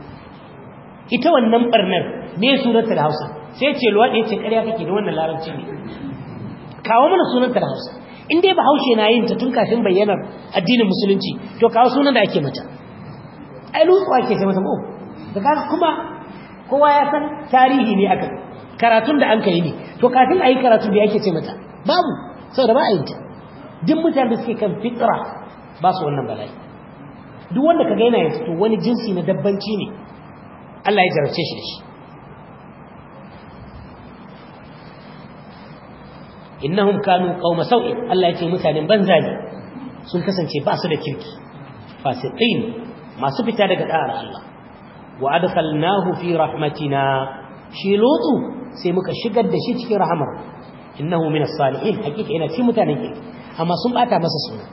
ita wannan barnar me sunanta da hausa sai ce luwaɗi ya ce ƙarya kake da wannan larabci ne kawo mana sunanta da hausa in dai bahaushe na yin ta tun kafin bayyanar addinin musulunci to kawo sunan da ake mata ai lutsuwa ke sai mata ba daga kuma kowa ya san tarihi ne aka karatun da an kai ne to kafin yi karatu da yake ce mata babu saboda ba a yi ta duk mutane da suke kan fitra ba su wannan bala'i duk wanda kaga yana ya to wani jinsi na dabbanci ne Allah ya jarace shi da shi innahum kanu qauma sau'in Allah ya ce mutanen banza ne sun kasance ba su da kirki fasiqin masu fita daga da'ar Allah wa adkhalnahu fi rahmatina shi lutu sai muka shigar da shi cikin rahmar innahu min as-salihin hakika ina ci mutanen ki amma sun bata masa suna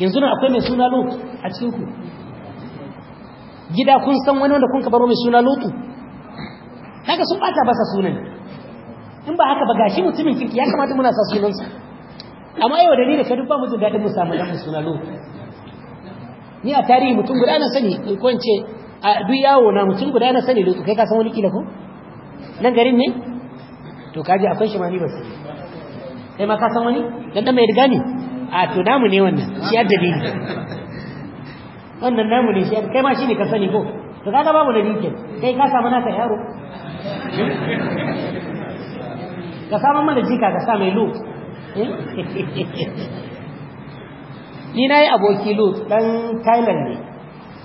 yanzu na akwai mai suna lutu a cikin ku gida kun san wani wanda kun ka baro mai suna lutu kaga sun bata masa sunan in ba haka ba gashi mutumin ki ya kamata muna sa sunan sa amma yau da ni da ka duk ba mu jin daɗin mu samu dan suna lutu ni a tarihi mutum guda na sani ko in ce a duk yawo na mutum guda na sani lutsu kai ka san wani kila ko nan garin ne to kaji akwai shi ma ni ba sani kai ma ka san wani dan dan mai riga ne a to namu ne wannan shi ya dalili wannan namu ne shi kai ma shi ne ka sani ko to kaga babu da dinkin kai ka samu naka yaro ka samu mana jika ka sa lu. Eh? [laughs] ni na yi aboki lu dan thailand ne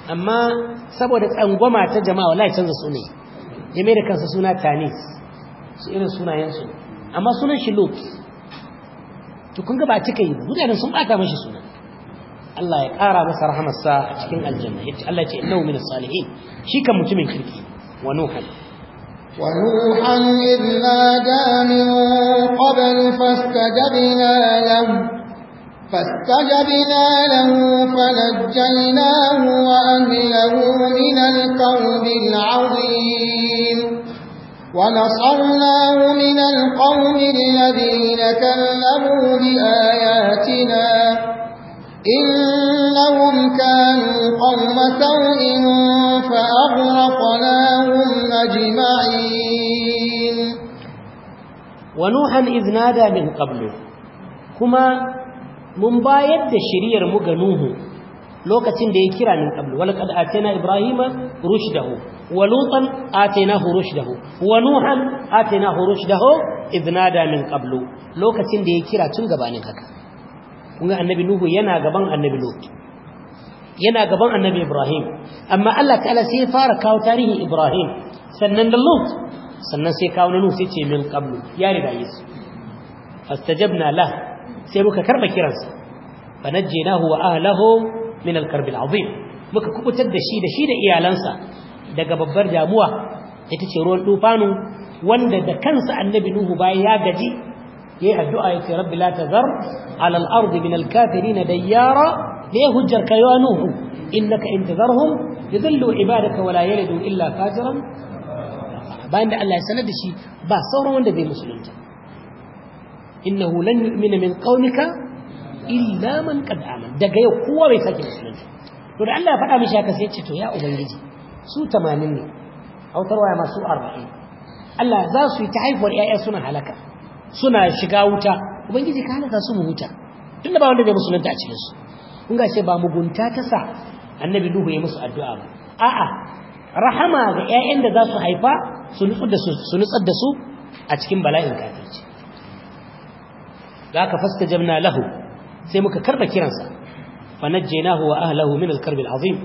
amma saboda tsangwama ta jama'a wallahi canza su ne ya mai da kansa suna tanis su irin sunayensu amma sunan shi lot to kun ga ba cika yi mutanen sun bata mashi suna Allah ya ƙara masa rahamarsa a cikin aljanna yace Allah ya ce innahu minas salihin shi kan mutumin kirki wa nuhan ونوحا إذ نادى من qabl fastajabna lahu فاستجبنا له فنجيناه وأهله من القوم العظيم ونصرناه من القوم الذين كلموا بآياتنا إنهم كانوا قوم سوء فأغرقناهم أجمعين ونوحا إذ نادى من قبله كما mun bayar da shiriyar mu ga Nuhu lokacin da ya kira min qabl wal qad atayna ibrahima rushdahu wa lutan ataynahu rushdahu wa nuhan ataynahu rushdahu idnada min qablu lokacin da ya kira tun gabanin haka kun ga annabi nuhu yana gaban annabi lut yana gaban annabi ibrahim amma Allah ta'ala sai ya fara kawo tarihin ibrahim sannan da lut sannan sai kawo nuhu sai ce min qablu ya riga yesu fastajabna lahu sai muka karba kiransa fa na huwa ahlahu min al-karb azim muka kubutar da shi da shi da iyalansa daga babbar damuwa ita ce ruwan tufanu wanda da kansa annabi nuhu bayan ya gaji yayi addu'a ya ce rabbi la tazar ala al-ardi min al dayyara ne hujjar kai wa nuhu innaka intazarhum yadhillu ibadaka wa la yalidu illa fajiran bayan da Allah ya sanar da shi ba sauran wanda bai musulunta innahu lan yu'mina min qaumika illa man qad amana daga yau kowa bai sake musulunci to da Allah ya faɗa mishi haka sai ya ce to ya ubangiji su 80 ne autarwa masu 40 Allah za su yi ta haifuwar ƴaƴa suna halaka suna shiga wuta ubangiji ka halaka su mu wuta tunda ba wanda bai musulunta a cikin su kun ga ce ba mugunta ta sa annabi Nuhu ya musu addu'a ba a'a rahama ga ƴaƴan da za su haifa su nutsar da su a cikin bala'in kafirci da aka fasta jamna lahu sai muka karba kiransa fa wa ahlihi min al-karb al-azim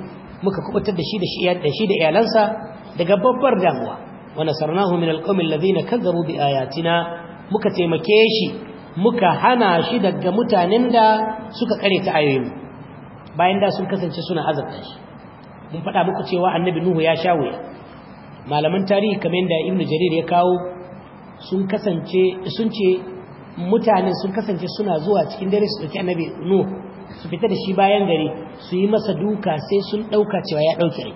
muka kubutar da shi da shi da shi da iyalansa daga babbar damuwa wa nasarnahu min al-qawmi alladhina kazzabu bi ayatina muka taimake shi muka hana shi daga mutanen da suka kare ta ayoyin bayan da sun kasance suna azabta shi mun faɗa muku cewa annabi nuhu ya sha wuya malaman tarihi kamar yadda ibnu jarir ya kawo sun kasance sun ce mutane sun kasance suna zuwa cikin dare su dauki annabi nuh su fita da shi bayan dare su yi masa duka sai sun dauka cewa ya dauke rai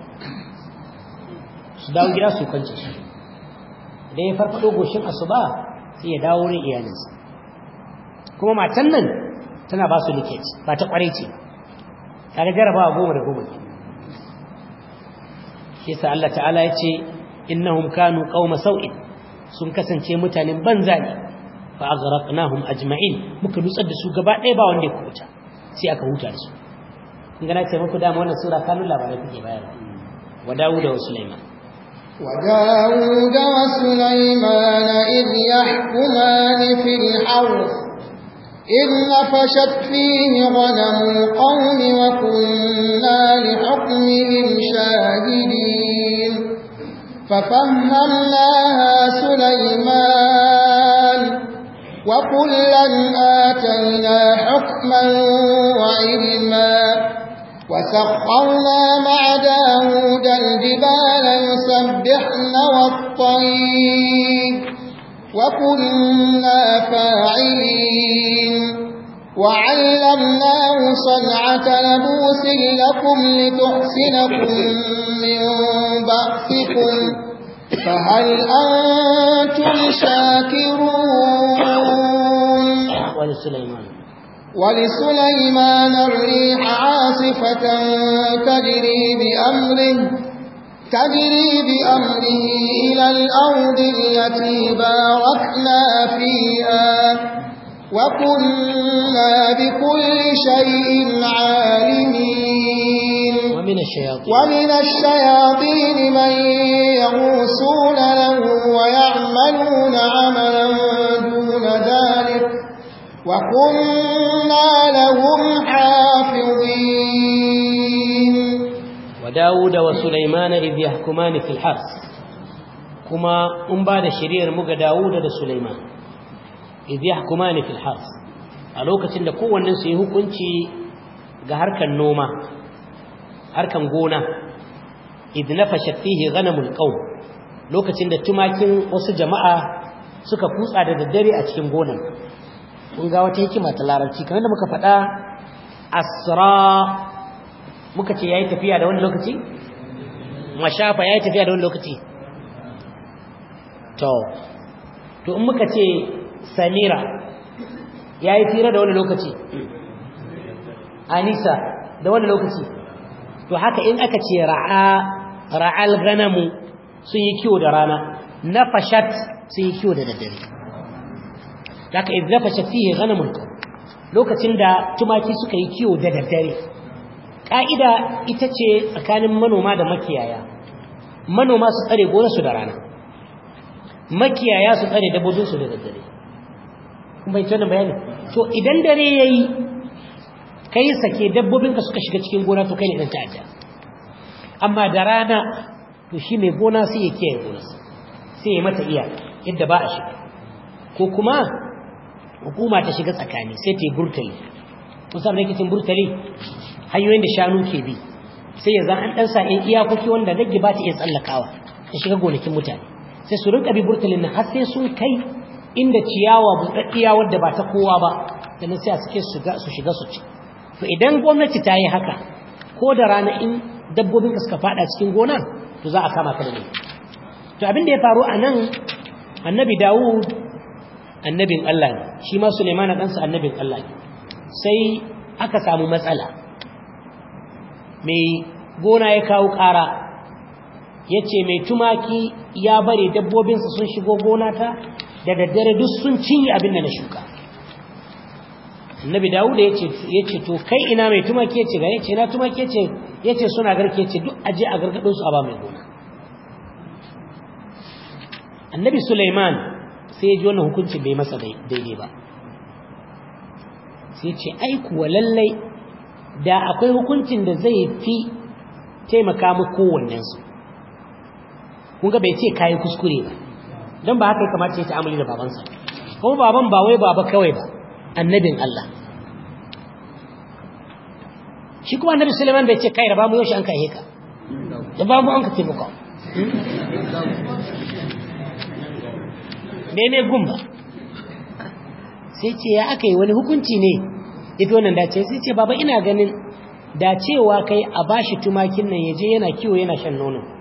su dawo gida su kwance shi da ya farfado goshin asuba sai ya dawo wurin iyalinsa kuma matan nan tana ba su nike ba ta kware ce ta ga jarabawa goma da goma shi sa Allah ta'ala ya ce innahum kanu qauma sau'in sun kasance mutanen banza ne fa aghraqnahum ajma'in muka nutsar da su gaba ɗaya ba wanda ya kubuta sai aka huta da su kun ga na ce muku dama wannan sura kanu labarai kuke bayar wa Dawud wa Sulaiman wa Dawud wa Sulaiman id yahkumani fil harth إذ نفشت فيه غنم القوم وكنا لحكمهم شاهدين ففهمناها سليمان وكلا آتينا حكما وعلما وسخرنا مع داود الجبال يسبحن والطير وكنا فاعلين وعلمناه صنعة لبوس لكم لتحسنكم من بأسكم فهل أنتم شاكرون ولسليمان ولسليمان الريح عاصفة تجري بأمره تجري بأمره إلى الأرض التي باركنا فيها وكنا بكل شيء عالمين ومن الشياطين ومن الشياطين من يغوصون له ويعملون عملا دون ذلك وكنا لهم حافظين وداود وسليمان إذ يحكمان في الحرث كما أنباد شرير مغ داود وسليمان إذ يحكمان في الحرث a lokacin da kowannensu ya hukunci ga harkar noma harkan gona idnafashat fihi ghanamul qaum lokacin da tumakin wasu jama'a suka kutsa da daddare a cikin gonan kun ga wata hikima ta larabci kamar da muka faɗa asra muka ce yayi tafiya da wani lokaci mashafa yayi tafiya da wani lokaci to to in muka ce samira yayi tira da wani lokaci anisa da wani lokaci to haka in aka ce ra'a ra'al ganamu sun yi kiwo da rana nafashat sun yi kiwo da daddare haka idan fashat fihi ganamun lokacin da tumaki suka yi kiwo da daddare ka'ida ita ce tsakanin manoma da makiyaya manoma su tsare gonarsu da rana makiyaya su tsare dabbobinsu da daddare kuma ita bayani to idan dare yayi kai sake dabbobin ka suka shiga cikin gona to kai ne dan ta'adda amma da rana to shi mai gona sai ya kiyaye sai ya mata iya yadda ba a shiga ko kuma hukuma ta shiga tsakani sai ta yi burtali kusan da kicin burtali hanyoyin da shanu ke bi sai ya zan an ɗansa ‘yan iyakoki wanda dage ba ta iya tsallakawa ta shiga gonakin mutane sai su rinka bi burtalin na har sai sun kai inda ciyawa buɗaɗɗiya wadda ba ta kowa ba sannan sai a suke su shiga su ci to idan gwamnati ta yi haka ko da rana in dabbobin suka fada cikin gona to za a kama ka ne to abin da ya faru a nan annabi dawud annabin allah ne shi ma suleiman ɗansa annabin allah ne sai aka samu matsala mai gona ya kawo ƙara ya ce mai tumaki ya bare dabbobinsa sun shigo gonata da daddare duk sun cinye abin da na shuka annabi dawud ya ce to kai ina mai tumaki ya ce ga ce na tumaki ya ce ya ce suna garke ce duk aje a gargadin su a ba mai gona annabi suleiman sai ya ji wannan hukuncin bai masa daidai ba sai ce ai kuwa lallai da akwai hukuncin da zai fi taimaka mu kowannensu ga bai ce kayi kuskure ba don ba haka kamar kamata ya amuli da babansa kuma baban ba wai baba kawai ba annabin Allah shi kuma annabi Suleiman bai ce kai da babu yaushe an kai ka da babu an ka taimaka bai ne gumba sai ce ya aka yi wani hukunci ne ita wannan dace sai ce baba ina ganin dacewa kai a bashi tumakin nan yaje yana kiwo yana shan nono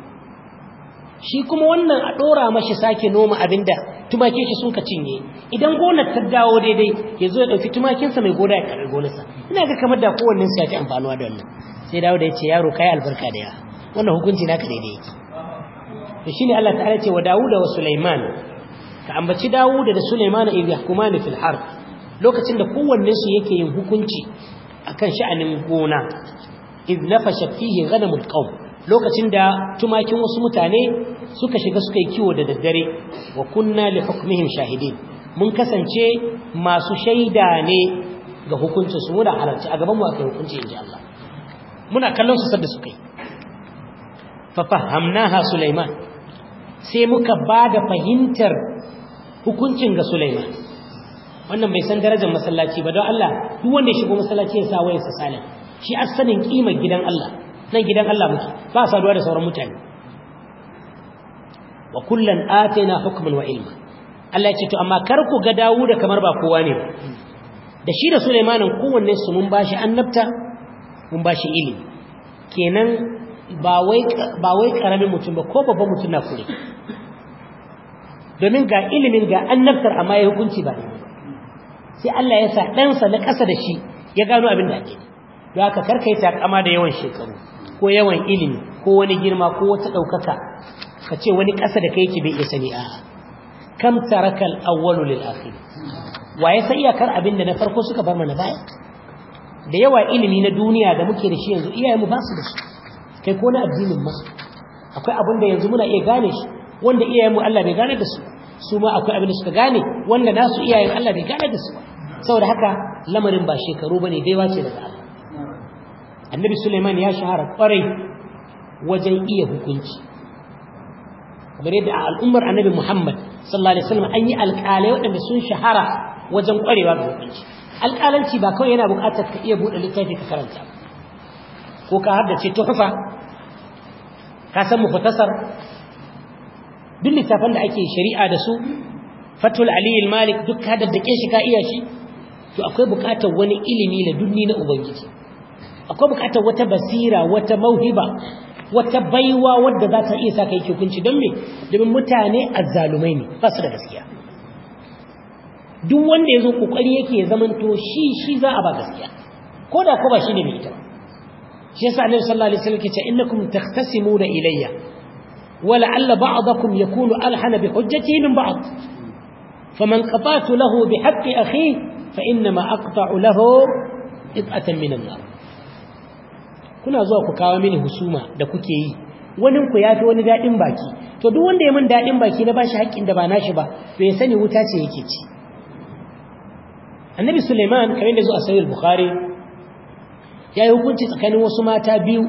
shi kuma wannan a ɗora mashi sake noma abin da tumakin shi sun ka cinye idan gonar ta dawo daidai ya zo ya ɗauki tumakinsa mai goda ya karar gonarsa ina ga kamar da kowanne su ya fi amfanuwa da wannan sai dawo da ya ce yaro kayi albarka da yawa wannan hukunci naka daidai yake to shine Allah ta'ala ce wa Dawuda wa Sulaiman ka ambaci Dawuda da Sulaiman iri yahkumani fil harb lokacin da kowanne su yake yin hukunci akan sha'anin gona idh nafashat fihi ghanamul qawm lokacin da tumakin wasu mutane suka shiga suka yi kiwo da daddare wa kunna li hukmihim shahidin mun kasance masu shaida ne ga hukuncin su muna halarci a gaban mu akai hukunci inji Allah muna kallon su sadda suka yi fa fahamnaha Sulaiman sai muka ba da fahimtar hukuncin ga Sulaiman wannan bai san darajar masallaci ba don Allah duk wanda ya shigo masallaci ya sa wayarsa salin shi asalin kimar gidan Allah nan gidan Allah muke ba saduwa da sauran mutane wa kullan yana hukman wa ilma Allah ya ce to amma kar ku ga Dawuda kamar ba kowa ne da shi da Sulaimanin kowanne su mun bashi annabta mun bashi ilimi kenan ba wai ba wai karamin mutum ba ko babban mutum na kure domin ga ilimin ga annabtar amma ya hukunci ba sai Allah ya sa ɗansa na kasa da shi ya gano abin da yake da aka karkai takama da yawan shekaru ko yawan ilimi ko wani girma ko wata ɗaukaka ka ce wani ƙasa da kai yake bai iya sani a kam tarakal awwalu lil akhir wa ya san iyakar abin da na farko suka bar mana baya da yawa ilimi na duniya da muke da shi yanzu iyayenmu ba su da shi kai ko na addinin ma akwai abin da yanzu muna iya gane shi wanda iyayenmu Allah bai gane da su su ma akwai abin da suka gane wanda nasu iyayen Allah bai gane da su saboda haka lamarin ba shekaru bane dai wace daga annabi suleiman ya shahara kwarai wajen iya hukunci kamar yadda a al'ummar annabi muhammad sallallahu alaihi wasallam an yi alƙalai waɗanda sun shahara wajen kwarewa ga hukunci alƙalanci ba kawai yana buƙatar ka iya buɗe littafi ka karanta ko ka haddace tuhfa ka san mukhtasar duk littafan da ake shari'a da su fatul aliyul malik duk ka daddake shi ka iya shi to akwai buƙatar wani ilimi da dunni na ubangiji akwai bukatar wata basira wata mauhiba wata baiwa wadda za ta iya sa kai hukunci don me domin mutane azzalumai ne ba su da gaskiya duk wanda ya zo kokari yake ya zamanto shi shi za a ba gaskiya ko da ko ba shi ne mai ita shi yasa annabi sallallahu alaihi wasallam yace innakum takhtasimuna ilayya wala alla ba'dakum yakunu alhana bi hujjatihi min ba'd faman qata'tu lahu bi haqqi akhi fa inma aqta'u lahu qit'atan min an-nar kuna zuwa ku kawo mini husuma da kuke yi wani ku yafi wani daɗin baki to duk wanda ya min daɗin baki na bashi haƙƙin da ba nashi ba to ya sani wuta ce yake ci annabi suleiman kamar da zuwa sahih bukhari ya yi hukunci tsakanin wasu mata biyu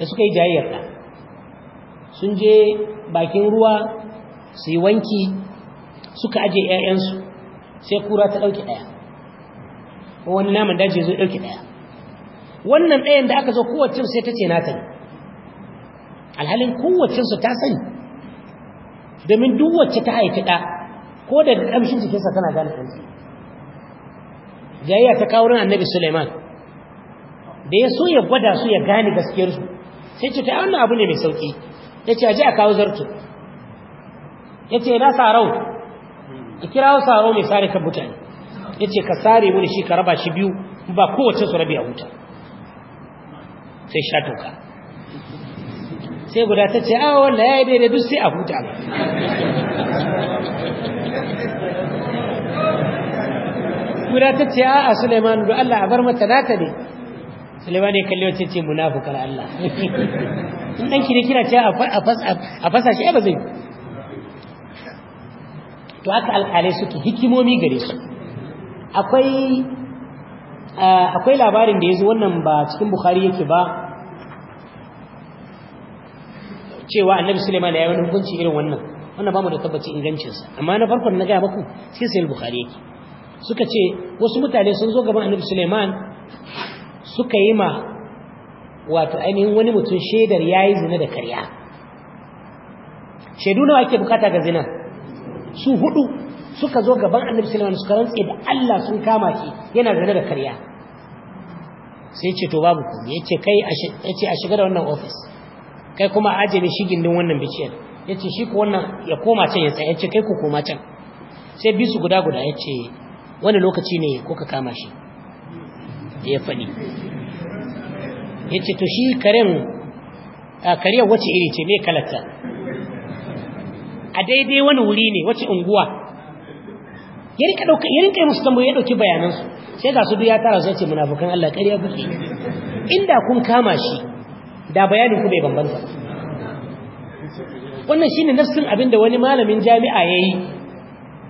da suka yi jayayyar da sun je bakin ruwa su yi wanki suka aje 'ya'yansu sai kura ta ɗauki ɗaya wani naman daji zai ɗauki ɗaya wannan ɗayan da aka zo kowacin sai ta ce na sani alhalin su ta sani domin duk wacce ta haifi ɗa ko da ƙamshin sa tana gane ɗansu jayayya ta kawo annabi suleiman da ya so ya gwada su ya gane gaskiyarsu sai ce ta wannan abu ne mai sauƙi ya ce a ji a kawo zarto ya ce na sarau a kirawo sarau mai sare kan mutane ya ce ka sare wani shi ka raba shi biyu ba kowace su rabi a wuta sai sha toka sai guda ta ce awa ah, wanda ya yi daidai duk sai a huta guda ta ce a'a Suleiman da Allah a bar mata nata ne Suleiman ya kalli wacce ce munafukar Allah in ɗan kiri kira ce a fasa shi ba zai to aka alƙalai suke hikimomi gare su eh, akwai labarin da ya zo wannan ba cikin bukhari yake ba cewa annabi suleiman ya yi wani hukunci irin wannan wannan bamu da tabbaci ingancinsa amma na farkon na gaya maku sai sai bukhari yake suka ce wasu mutane sun zo gaban annabi suleiman suka yi ma wato ainihin wani mutum shaidar ya yi zina da karya shaidu nawa ake bukata ga zina su hudu suka zo gaban annabi suleiman suka rantse da allah sun kama shi yana zina da karya sai ce to babu ku ya ce kai a shiga da wannan ofis kai kuma ajiye shi gindin wannan bishiyar ya ce shi ko wannan ya koma can ya tsaye ya ce kai ku koma can sai bisu guda guda ya ce wani lokaci ne ko ka kama shi ya faɗi ya ce to shi karen kariyar wace iri ce mai kalata a daidai wani wuri ne wace unguwa ya ya yi musu tambayi ya ɗauki bayanansu sai ga su duk ya tara zai ce munafukan Allah ƙarya kuke inda kun kama shi da bayanin ku bai bambanta wannan shine nafsin abin da wani malamin jami'a yayi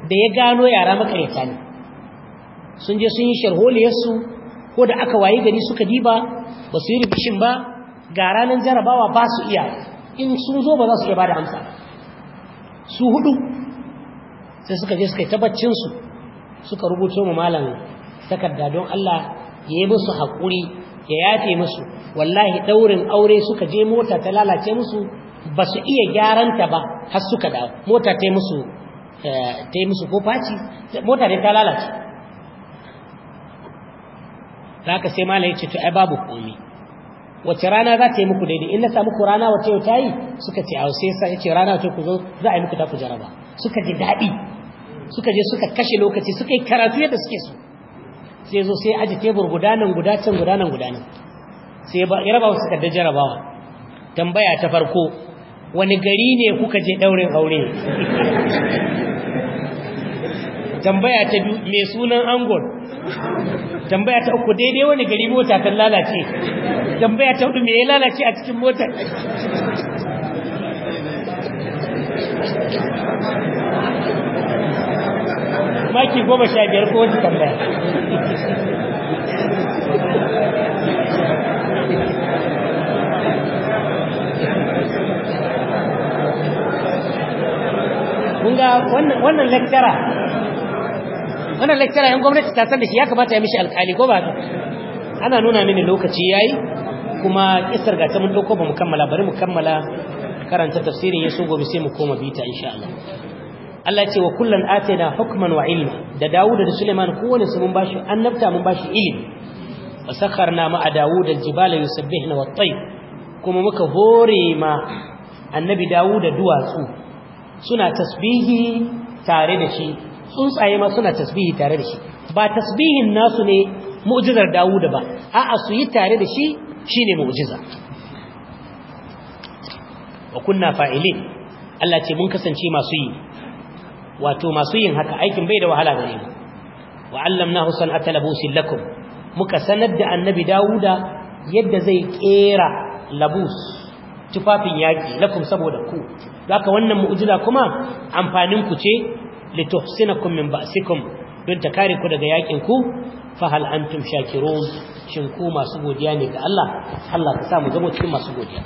da ya gano yara makaranta ne sun je sun yi sharholiyarsu ko da aka wayi gari suka diba ba su yi rubishin ba ga ranar jarabawa ba su iya in sun zo ba za su iya ba da amsa su hudu sai suka je suka yi tabbacinsu suka rubuto mu malam takarda don Allah ya yi musu haƙuri ya yafe musu wallahi daurin aure suka je mota ta lalace musu ba su iya gyaranta ba har suka dawo mota ta musu eh, ta musu ko faci mota ne ta lalace zaka sai mala ya ce to ai babu komai wace rana za ta yi muku daidai in na samu ku rana wace ta yi suka ce a sai ya ce rana wace ku zo za a yi muku ta ku jaraba suka ji daɗi suka je suka kashe lokaci suka yi karatu yadda suke so sai zo sai aji tebur gudanan guda can gudanan gudanan sai ba ya su kadda jarabawa tambaya ta farko wani gari ne kuka je daurin aure [laughs] tambaya ta biyu me sunan angon tambaya ta uku daidai wani gari mota kan lalace tambaya ta hudu me ya lalace a cikin motar maki goma sha biyar ko wata tambaya kunga wannan lektara, wannan lektara yan gwamnati ta san da shi ya kamata ya mishi alkali ko ba ana nuna mini lokaci ya yi kuma kisar ga ta mun dauko ba mu kammala bari mu kammala karanta tafsirin yaso gobe sai mu koma bita insha Allah Allah ce wa kullun atayna hukman wa ilma da Dawud da Sulaiman kowanne su mun bashi annabta mun bashi ilimi wasakharna ma Dawud al-jibala yusabbihna wat-tayr kuma muka hore ma annabi Dawud da duwatsu suna tasbihi tare da shi tsuntsaye ma suna tasbihi tare da shi ba tasbihin nasu ne mu'jizar Dawud ba a'a su yi tare da shi shine mu'jiza wa kunna fa'ilin Allah ce mun kasance masu yi wato masu yin haka aikin bai da wahala gare mu wa allamnahu san'ata labusin lakum muka sanar da annabi dawuda yadda zai kera labus tufafin yaki lakum saboda ku haka wannan mu'jiza kuma amfanin ku ce lituhsinakum min ba'sikum don ta kare ku daga yakin ku fa hal antum shakirun shin ku masu godiya ne ga Allah Allah ka sa mu zama cikin masu godiya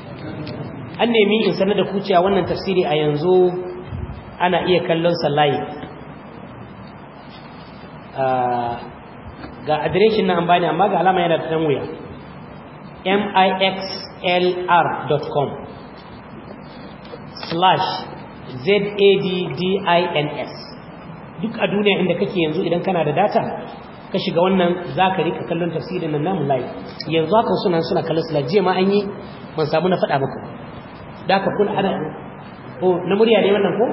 an nemi in sanar da ku cewa wannan tafsiri a yanzu ana iya kallon sa live ah, ga adireshin na an bani amma ga alama yana da wuya mixlr.com slash zaddins duk a duniya inda kake yanzu idan kana da data ka shiga wannan za ka rika kallon tafsirin nan namun live yanzu haka suna suna kallon sila jiya ma an yi ban samu na faɗa muku da ka kun ana ko oh, na murya ne wannan ko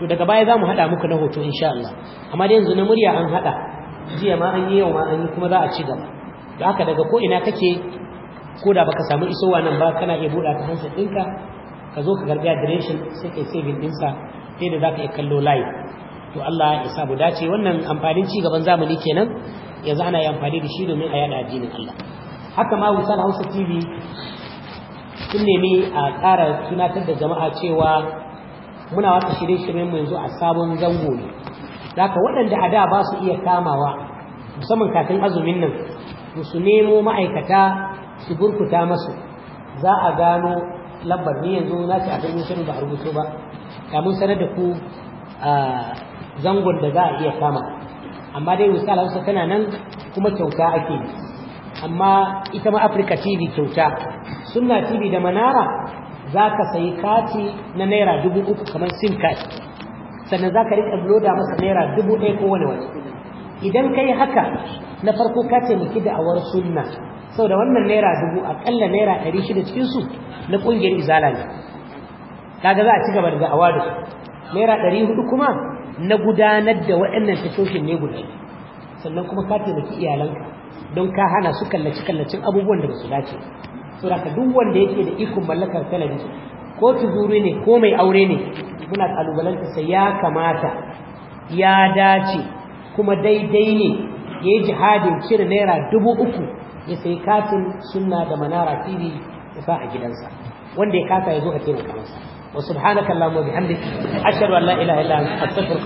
to daga baya za mu haɗa muku na hoto insha Allah amma da yanzu na murya an haɗa jiya ma an yi yau ma an yi kuma za a ci gaba To haka daga ko ina kake ko da baka samu isowa nan ba kana iya buɗa ka hansa ɗinka ka zo ka garbiya direction sai kai saving ɗinsa sai da zaka ka iya kallo live to Allah ya sa mu dace wannan amfanin ci gaban zamani kenan yanzu ana yi amfani da shi domin a yada addinin Allah haka ma wutar Hausa TV sun nemi a ƙara tunatar da jama'a cewa muna wata shirye-shiryen mu yanzu a sabon zango ne ka waɗanda a da ba su iya kamawa musamman kafin azumin nan su nemo ma'aikata su burkuta masu za a gano lambar ni yanzu na ce a gano shirin ba a rubuto ba kamun sanar da ku zangon da za a iya kama amma dai wusa hausa tana nan kuma kyauta ake amma ita ma afirka tv kyauta suna tv da manara za ka sayi kati na naira dubu uku kamar sim kati sannan za ka riƙa loda masa naira dubu ɗaya ko wani wani, idan ka yi haka na farko ka taimaki da awar sau da wannan naira dubu aƙalla naira ɗari shida cikinsu na ƙungiyar izala ne kaga za a ci gaba da awa da su naira ɗari hudu kuma na gudanar da waɗannan tashoshin ne guda sannan kuma ka taimaki iyalanka don ka hana su kallaci kallacin abubuwan da ba su dace saboda duk wanda yake da ikon mallakar talabijin ko tuzuri ne ko mai aure ne muna kalubalanta sai ya kamata ya dace kuma daidai ne ya yi jihadin cire naira dubu uku ya sai katin suna da manara tv ya a gidansa wanda ya kasa ya zo a taimaka kamarsa wa subhanaka allahumma bihamdika ashhadu